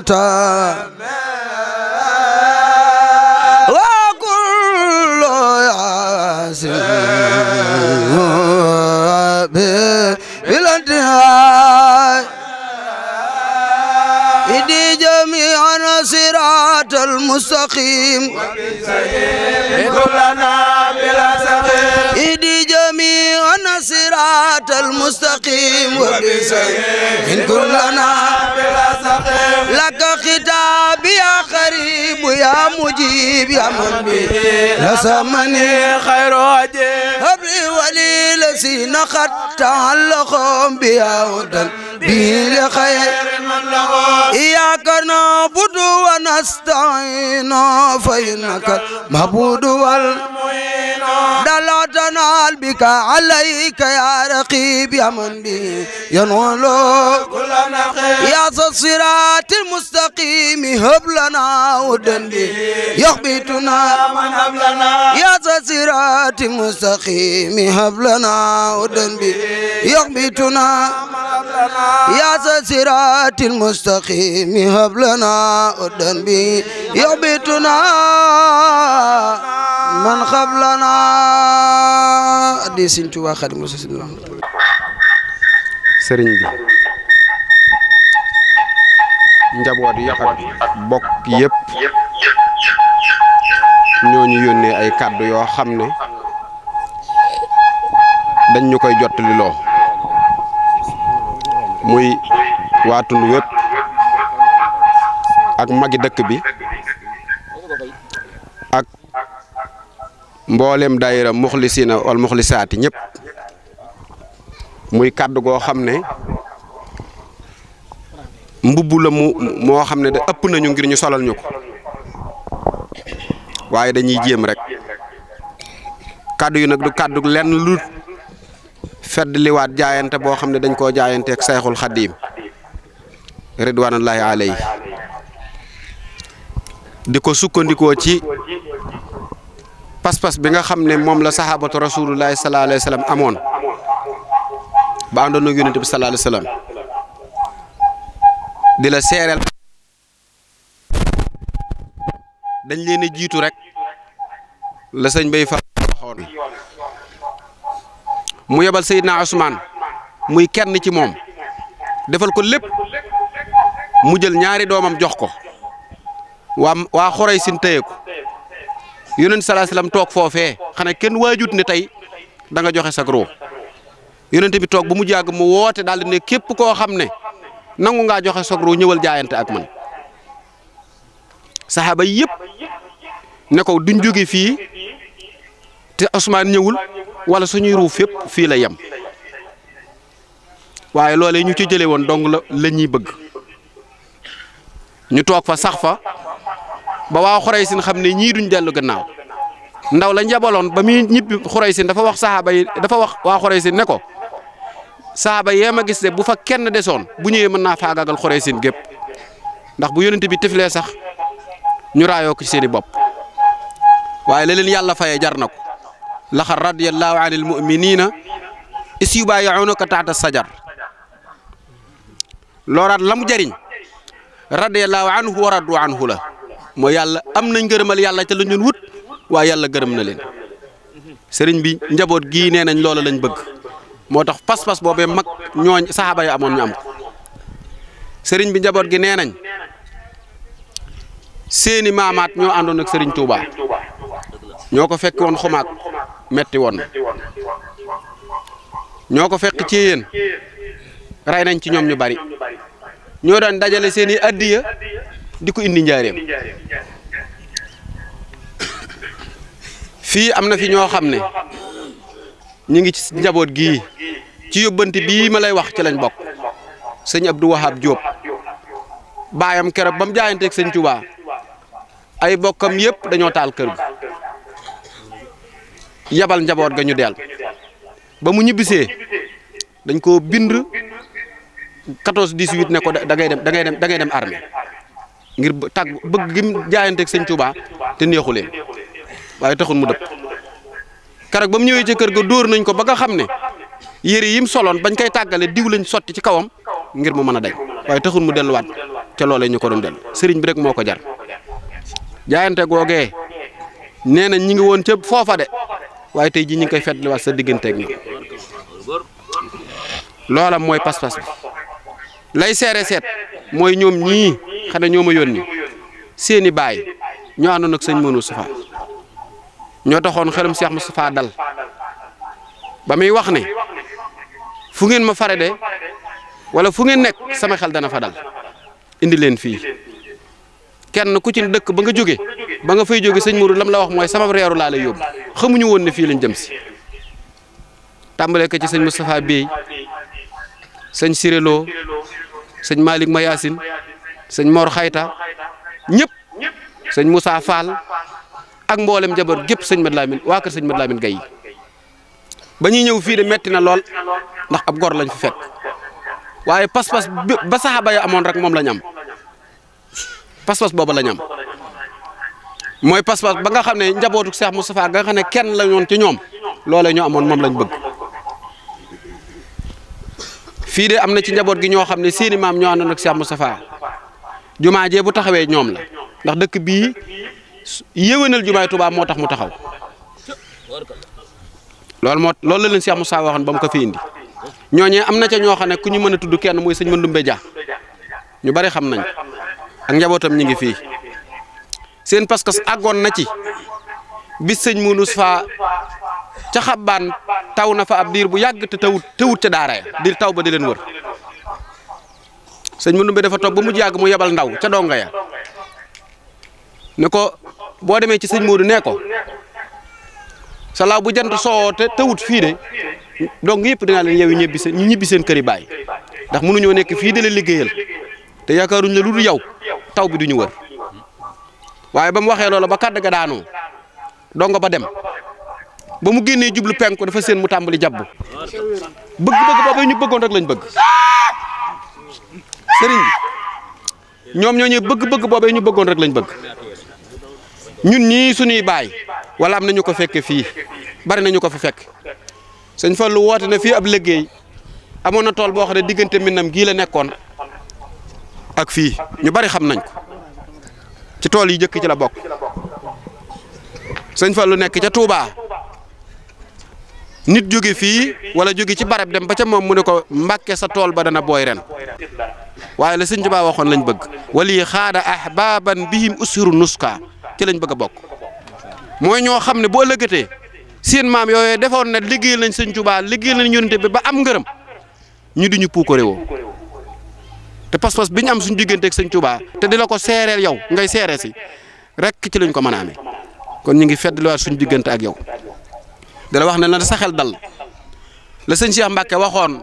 متى وكل ياسر بلا انتهاء إدي جميعا صراط المستقيم وبسيم كلنا المستقيم وبسيء كلنا بلا سقيم لك خطاب يا خريب يا مجيب يا من به لسمني خير وجيب هبري ولي لسي نقد تعلقهم بها ودن به لخير من يا إياك نعبد ونستعين فإنك المعبود والمعبود بك عليك يا رقيب يا من بي ينول كل خير يا صراط المستقيم هب لنا ودن بي يخبتنا من هب لنا يا صراط المستقيم هب لنا ودن بي يخبتنا يا صراط المستقيم هب لنا ودن بي يخبتنا من قبلنا addi sëñ Tuubaa Xaadimu Rasuul sëriñ bi njaboot yi ya ak kan, bokk yëpp ñoo ñu ay kàddu yo xam ne dañ ñu jot jottali lo muy waa tund ak magi dëkk bi mboolem daayira muxlisina wal muxlisaati ñëpp muy kàddu goo xam ne mbubb la mu moo xam ne da ëpp nañu ngir ñu solal ñu ko waaye dañuy jéem rek kàddu yu nag du kàddu lenn lu fedd liwaat jaayante boo xam ne dañ koo jaayanteek sayxul xaddiim ridwanullahi alayhi di ko sukkandikoo ci pas-pas bi nga xam ne moom la saxaabatu rasulullahi sallallahu alayhi wa sallam amoon ba àndoon ak yonent bi sallallahu alayhi wa sallam di la seereel dañ leen a jiitu rek la sëñ bay fa mu yebal Seydina Ousmane muy kenn ci moom defal ko lépp mu jël ñaari doomam jox ko waa waa xorey sin téye ko yonent salaa salaam toog foofee xanaa kenn waajut ne tey danga joxe sa ruu yonent bi toog ba mu jàgg mu woote daal di ne képp koo xam ne nangu ngaa joxe sa ruu ñëwal jaayante ak man saxaaba yépp ne ko duñ jóge fii te Ousmane ñëwul wala suñuy ruuf yépp fii la yem waaye loole ñu ci jëlee woon dong la la bëgg ñu toog fa sax fa. ba waa Xuraysin xam ne ñii duñ dellu gannaaw ndaw lañ yebaloon ba muy ñibbi Xuraysin dafa wax saxaaba yi dafa wax waa Xuraysin ne ko saxaaba yee ma gis de bu fa kenn desoon bu ñëwee mën naa faagaagal Xuraysin gépp ndax bu yonent bi tiflee sax ñu raayoo ko ci seen i bopp leen yàlla fayee jar na ko radiyallahu anil muminina is yubaayi'uunaka sajar lorat la mu jariñ radiyallahu anhu wa radu anhu la mooy yàlla am nañ gërëmal yàlla te la ñun wut waaye yàlla gërëm na leen sëriñ bi njaboot gi nee nañ loola lañ bëgg moo tax pas-pas boobee mag ñooñ saaba yi amoon ñu am ko sëriñ bi njaboot gi nee nañ seeni maamaat ñoo àndoon ak sëriñ Touba ñoo ko fekk woon xumaag metti woon na ñoo ko fekk ci yéen rey nañ ci ñoom ñu bari ñoo daan dajale seeni addiya di ko indi njaareem fi amna fi ño xamne ñi ngi ci njabot gi ci yobanti bi ma lay wax ci lañ bok sëñ Abdou Wahab Diop bayam kërëb bam jaayante ak sëñ Touba ay bokkam yépp dañu taal kër gi yabal njabot ga ñu del ba mu ñibisé dañ ko bind 14 18 ne ko da ngay dem da ngay dem da ngay dem armée ngir tag bëgg gi jaayante ak sëñ Touba te neexu leen waaye taxul mu dëpp keroog ba mu ñëwee ca kër ga dóor nañ ko ba nga xam ne yére yi mu soloon bañ koy tàggale diw lañ sotti ci kawam ngir mu mën a dañ waaye taxul mu delluwaat ca loolee ñu ko doon dellu sëriñ bi rek moo ko jar jaayante googee nee nañ ñi ngi woon ca foofa de waaye tey ji ñi ngi koy fetliwaat sa digganteeg ñi loola mooy pas-pas bi lay seere seet mooy ñoom ñii xanaa ñoo ma yónni seeni baay ñoo àndoon ak sëñ Manoune Soufa ñoo taxoon xelum Cheikh Moustapha dal ba muy wax ne fu ngeen ma fare de wala fu ngeen nekk sama xel dana fa dal indi leen fii kenn ku ci dëkk ba nga jóge ba nga fay jóge sëñ Mourou lam la wax mooy sama reeru laa lay yóbbu xamuñu woon ne fii lañ jëm si tàmbalee ko ci sëñ Moustapha Bey sëñ Siréloo sëñ Malick Mayasine sëñ moor Xayta ñëpp sëñ Moussa Fall ak mbollem jabar gep seigne Mat Lamin waa kër sëñ Mat Lamin Gaye ba de metti na lol ndax ab gor lañ fi fek waye pas-pas ba sahaba ya amoon rek mom lañ am pas-pas bobu lañ am moy pas-pas ba nga xamne njabotuk Cheikh Moustapha nga xamne kenn la ñoon ci ñom lolé ñu amoon mom lañ bëgg fi de amna ci njabot gi ño xamne seen imam ño andon ak Cheikh Moustapha juma je bu taxawé ñom la ndax dëkk bi yewenal jumaa Touba motax mu taxaw loolu moo loolu la len Cheikh Moussa waxoon bam ko fi indi ñoñe amna ca ño xane ku ñu mëna tuddu kenn moy seigne Mandoumbe Dia ñu bari xam nañ ak njabotam ñi ngi fi seen paskas agon na ci bi seigne Mounous fa ca xabbaan taw na fa abdir bu yag te tawut tewut ca daara ya diir taw ba di len wër seigne Mandoumbe dafa top bu mu mu yabal ndaw ca donga ya bo demee ci seigne Modou nee ko salaaw bu jant soo te tawut fii de donc ñepp dina leen yow ñibbi seen ñibi seen kër yi bay ndax mënuñoo nekk fi dé la liggéeyal té yaakaaruñ la luddou yaw taw bi duñu wër waaye bam waxé waxee ba kàdd ga daanu dong ba dem ba mu génné jublu penko dafa seen mu tambali jabb bëgg-bëgg boobu ñu bëggon rek lañ bëgg sëriñ ñom ñoo bëgg-bëgg bobé ñu bëggon rek lañ bëgg ñun ñii suñuy bay wala am nañu ko fekk fi bari nañu ko fa fekk sëñ Fallou wote na fi ab liggey amono tol bo boo xam Minam gi la nekkon ak fi ñu bari xam nañ ko ci tol yi jëk ci la bokk sëñ nekk ci Touba nit fi wala ci barab dem ba ca mom mu ne ko mbàkke sa tol ba dana boy ren waye la señ djiba waxon lañ bëgg wali khada ahbaban bihim usiru nuska ci lañ bëgg a bokk mooy ñoo xam ne boo lëkkatee seen maam yooyu defoon na liggéey nañ sëñ Tuubaa liggéey nañ yonent bi ba am ngërëm ñu du ñu puukare woo te pas-pas bi am suñ diggante ak sëñ Tuubaa te di la ko seereel yow ngay seeree si rek ci lañ ko mën a amee kon ñu ngi feddaliwaat suñu diggante ak yow. dala wax ne na sa xel dal la sëñ Cheikh Mbacke waxoon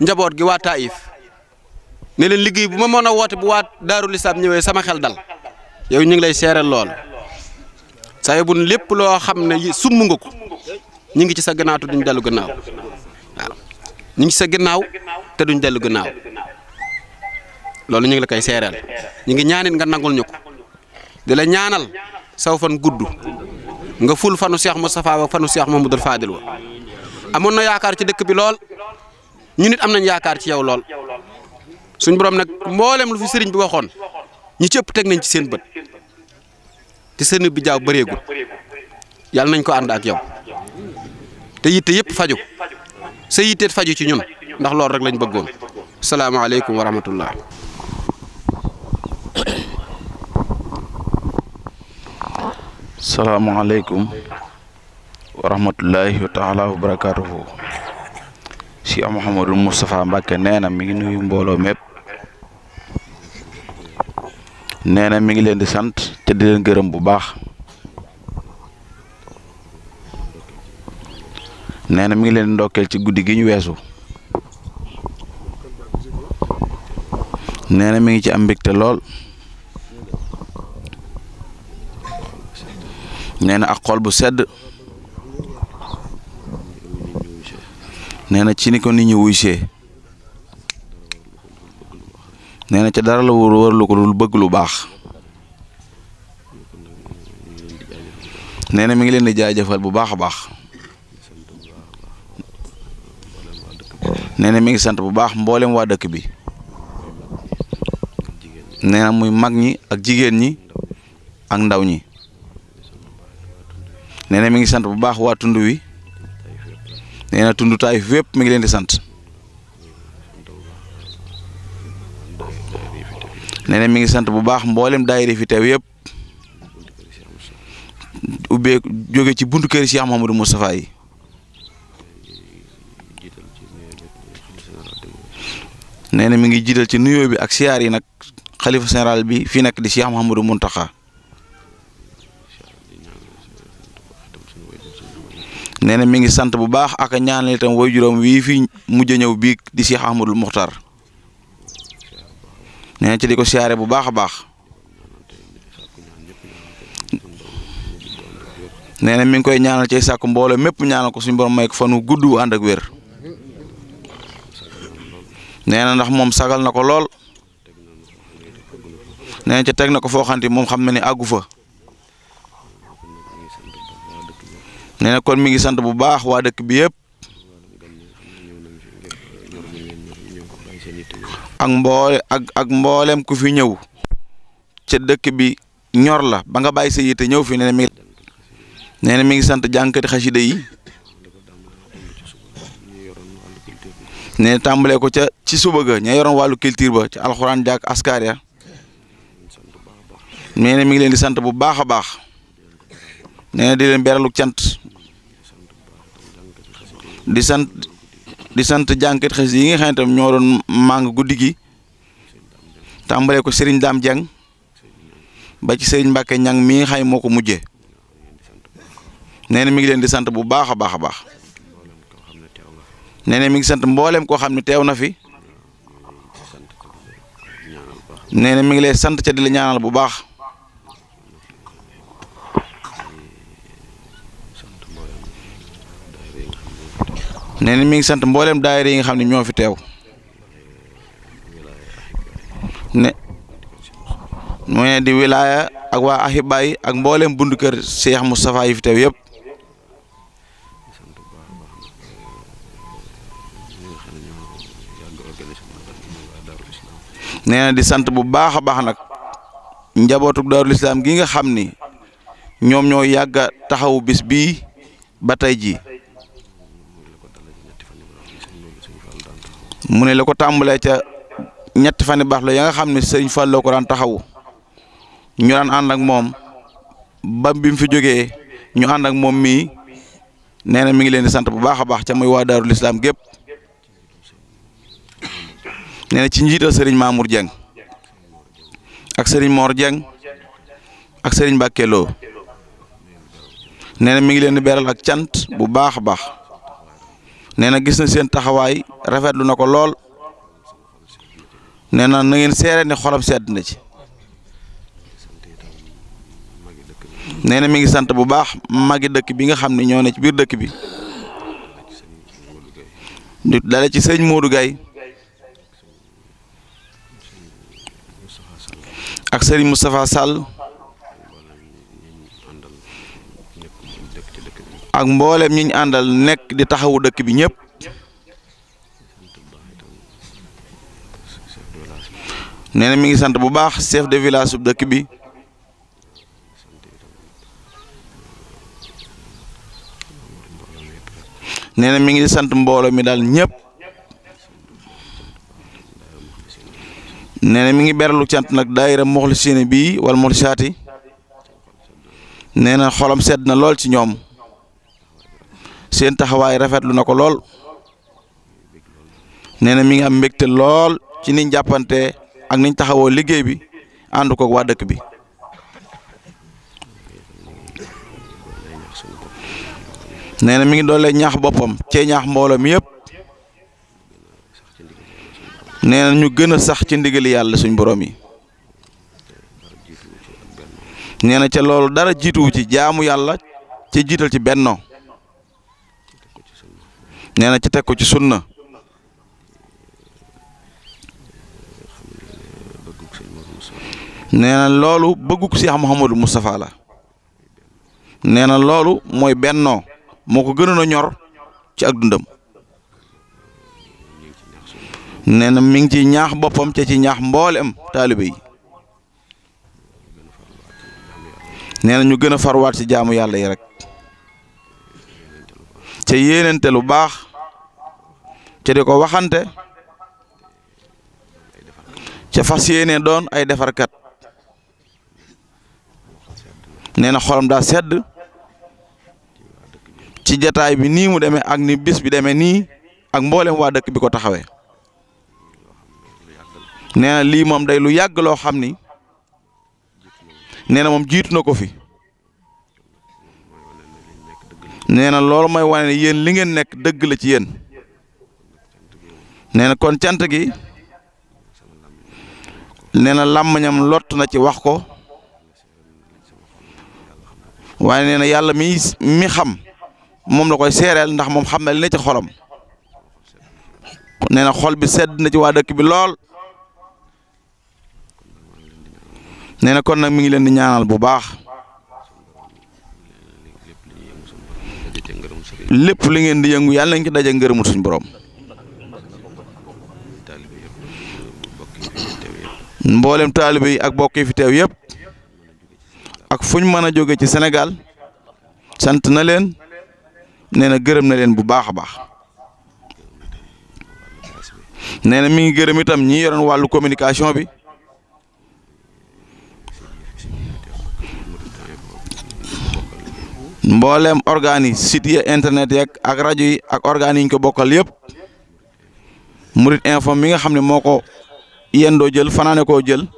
njaboot gi waa Taïf ne leen liggéey bu ma mën a woote bu waa Daarul Islam ñëwee sama xel dal. yow ñu ngi lay seeral lool sa bu lépp loo xam ne sumb nga ko ñu ngi ci sa gannaaw te duñ dellu ñu sa gannaaw te duñ dellu gannaaw loolu ñu ngi la koy seeral ñu ngi ñaanit nga nangul ñu ko di la ñaanal saw fan gudd nga ful fanu Cheikh Moustapha wa fanu Cheikh Mamadou Fadil wa amoon na yaakaar ci dëkk bi lool ñu nit am nañ yaakaar ci yow lool suñ borom nag mboolem lu fi sëriñ bi waxoon. ñi cëpp tek nañ ci seen bëtt té seen bi jaaw bëreegul yalla nañ ko and ak yow té yitté yépp faju sa yitté faju ci ñun ndax lool rek lañ bëggoon alaykum wa rahmatullah alaykum wa rahmatullahi wa taala wa barakatuh si Mouhamadou Mustafa Mbacke nee mi ngi nuyu mbolo mépp nee na mi ngi leen di sant te di leen gërëm bu baax nee na mi ngi leen di ndokkeel ci guddi gi ñu weesu nee na mi ngi ci am mbégte lool nee na ak xool bu sedd nee na ci ni ko nit ñi wuysee nee na ca dara la wóor warlu ko dul bëgg lu baax nee na mi ngi leen di jaajëfal bu baax a baax nee na mi ngi sant bu baax mboolem waa dëkk bi nee na muy mag ñi ak jigéen ñi ak ndaw ñi nee na mi ngi sant bu baax waa tund wi nee na tund taay fépp mi ngi leen di sant nene mi ngi sante bu baax mbollem daayira fi teew yeb ubbe joge ci buntu keur Cheikh Mouhamadou mustapha yi nene mi ngi jital ci nuyo bi ak siar yi nak khalifa general bi fi nak di Cheikh Mouhamadou Mountakha nene mi ngi sante bu baax ak ñaanal tam way di Cheikh ahmadou Muxtar nee ci diko siaré bu baax a baax nee mi ngi koy ñaanal ci sakku mbooloo mepp ñaanal ko suñu borom may ko fanu gudd and ak wër ndax mom sagal nako lol lool ci tek nako fo xanti mom xam na fa kon mi ngi sante bu baax wa dekk bi yépp ak mboole ak ak mboolem ku fi ñew ci dëkk bi ñor la ba nga bay sa yitte ñëw fi nee mi ngi mi ngi sant jankati xasida yi nee na ko ci ci suba ga ñay yoron walu culture ba ci alcorane jak askar ya mi ngi leen di sant bu baaxa baax nee di leen beraluk cant di sant. di sant jànkat xës yi nga xam ne tam ñoo doon màng guddi gi tàmbalee ko Serigne Dame Dieng ba ci Serigne Mbacke Niang mi nga xam ne moo ko mujjee nee na mi ngi leen di sant bu baax a baax a baax nee na mi ngi sant mboolem koo xam ne teew na fi nee na mi ngi lay sant ca di ñaanal bu baax. nee na mi ngi sant mbooleem daayira yi nga xam ne ñoo fi teew ne mu ne di wilaaya ak waa axiba ak mbooleem bundu kër Cheikh Moustapha yi fi teew yëpp nee di sant bu baax a baax nag njabootuk daarul islaam gi nga xam ni ñoom ñoo yàgga taxawu bis bii ba tey ji mune lako tambale ca ñett fane bax lo ya nga xam serigne sëriñ Fallou ko dan taxaw ñu dan and ak mom ba bi fi joge ñu and ak mom mi neena mi ngi leen di sante bu baaxa baax ca muy wa darul islam gep neena ci serigne Mamour jeng ak serigne Mor jeng ak serigne bakelo neena mi ngi leen di beral ak bu baaxa baax. nee na gis na seen taxawaay rafetlu na ko lool nee na na ngeen seere ne xolam sedd na ci nee na mi ngi sant bu baax magi dëkk bi nga xam ne ñoo ne ci biir dëkk bi du dale ci sëñ Modou ak sëriñ Moustapha Sall ak mboolem ñi ñu àndal nekk di taxawu dëkk bi ñëpp nee na mi ngi sant bu baax chef de village su dëkk bi nee na mi ngi sant mbooloo mi daal ñépp nee na mi ngi berlu cant nag daayira Muxlisiina bii wala Muxlisaati nee na xolam sedd na lool ci ñoom. seen taxaway rafet lu nako lol, neena mi nga am lol ci niñ jappanté ak niñ taxawo liggéey bi ànd ko wa dëkk bi neena mi ngi doole ñaax bopam ci ñaax mbolam yépp neena jitu ñu gëna sax ci ndigal yalla suñu borom yi neena ci lolou dara jitu ci jaamu yalla ci jital ci benno nee na ci teg ko ci sunna nee na loolu bëggug Cheikh Mouhamadou Moustapha la nee na loolu mooy bennoo moo ko gënoon a ñor ci ak dundam nee na mi ngi ci ñaax boppam ca ci ñaax mbooleem taalibe yi nee na ñu gën a farwaat ci jaamu yàlla yi rek ca yéenante lu baax ca di ko waxante ca fas yéene doon ay defarkat nee na xolam daa sedd ci jataay bi nii mu demee ak ni bis bi demee nii ak mboolem waa dëkk bi ko taxawe nee na lii moom day lu yàgg loo xam ni nee na moom jiitu na ko fi. nee na loolu mooy wane yéen li ngeen nekk dëgg la ci yéen nee na kon cant gi nee na làmmiñam lott na ci wax ko waaye nee na yàlla mi mi xam moom la koy seereel ndax moom xam na li ci xolam nee na xol bi sedd na ci waa dëkk bi lool nee na kon nag mi ngi leen di ñaanal bu baax. lépp li ngeen di yëngu yàlla nañ ci daje ngërëmu suñ borom mboolem taalibe yi ak bokk fi teew yëpp ak fuñ ñu mën a jóge ci Sénégal sant na leen nee na gërëm na leen bu baax a baax nee na mi ngi gërëm itam ñi yoroon wàllu communication bi. mboolem organi sit site internet yeeg ak rajo yi ak organes yi ñu ko bokkal yëpp Murid Info mi nga xam ne moo ko yendoo jël fanaane koo jël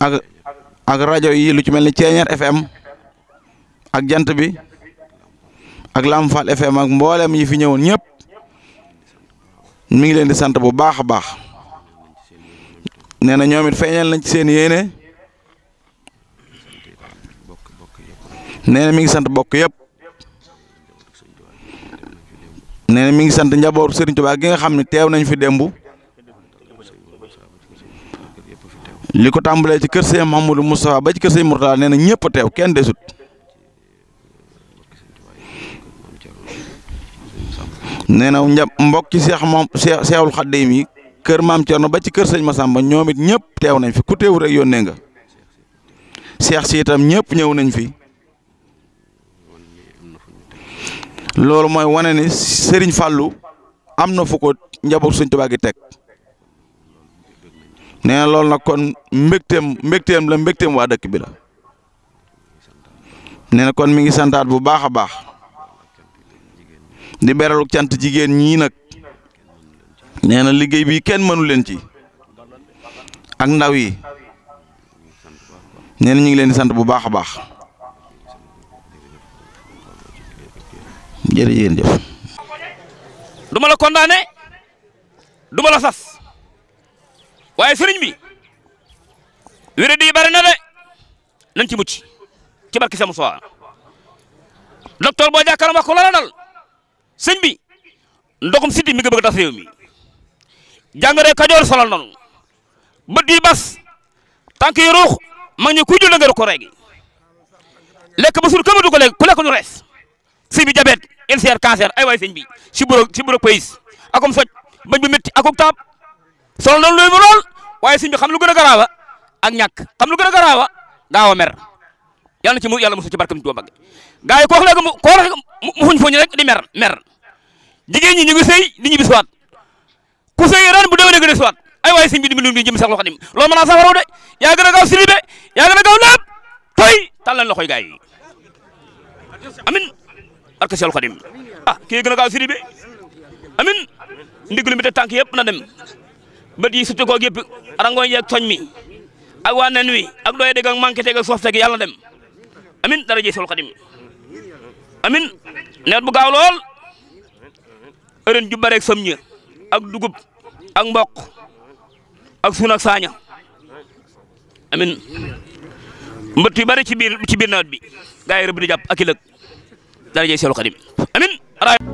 ak ak rajo yi lu ci mel ni Ceeñeer FM ak jant bi ak Lamfal FM ak mboolem yi fi ñëwoon ñëpp mi ngi leen di sant bu baax a baax nee na ñoom it feeñal nañ seen yéene. neena mi ngi sant bokk yépp nee mi ngi sant njabootu Serigne Touba ki nga xam ne teew nañ fi dembu li ko tàmbalee ci kër Sëñ Mouhamadou Moustapha ba ci kër Sëñ Mourtala nee na ñëpp teew kenn desut nee na njab mbokk ci seex moom seexul Xaddim yi kër maam Thierno ba ci kër Sëñ Massamba ñoom it ñëpp teew nañ fi ku teew rek yónnee nga seex si itam ñëpp ñëw nañ fi. loolu mooy wane ni Serigne Fallou am na fu ko njaboot Sëñ Tuubaa gi teg nee na loolu nag kon mbégteem mbégteem la mbégteem waa dëkk bi la nee na kon mi ngi santaat bu baax a baax di beralu cant jigéen ñii nag nee na liggéey bi kenn mënu leen ci ak ndaw yi nee na ñu ngi leen di sant bu baax a baax. jërëjëf jëf duma la condamné du la sas waaye sëriñ bi wéré di bari na de nañ ci mucc ci barki sama sowa docteur boo jàkkaaram wax ko la la dal bi ndoxum siti mi nga bëgg a tas réew mi jàngoree kajoor solal noonu bët yi bas tànk ruux mag ñi jul da nga ko reegi lekk ba sur këmadu ko ku lekk ñu rees bi jabet LCR cancer ay way sëñ bi ci buro ci buro pays akum fajj bañ bu metti akum tab sol non loolu lool waaye sëñ bi xam lu gëna a ak ñak xam lu gëna a garaawa mer yalla ci mu yàlla mosu ci barkam do bagge gaay ko wax ko wax mu fuñ fuñ rek di mer mer jigéen ñi ñu ngi sey di ñu bisuwaat ku sey ran bu déwénee gëna a ay way sëñ bi di dimbali bi jëm sax lo xadim lo mëna naa de ya gëna gaw gaaw silibe ya gëna gaw gaaw lépp talal la koy gaay amin barka Seexul khadim ah ki gëna ka gaaw amin ndiglu mi te tank yëpp na dem bët yi sutu ko yëpp arangoy yak togn mi ak wa nen wi ak doye dégg ak ak dem amin dara ji Seexul amin neet bu gaaw lol ërën ju bare ak samñe ak dugub ak mbokk ak sun ak saña amin mbeuti bari ci bir ci bir naat bi gaay yi di japp ak درجة سيلو قديم أمين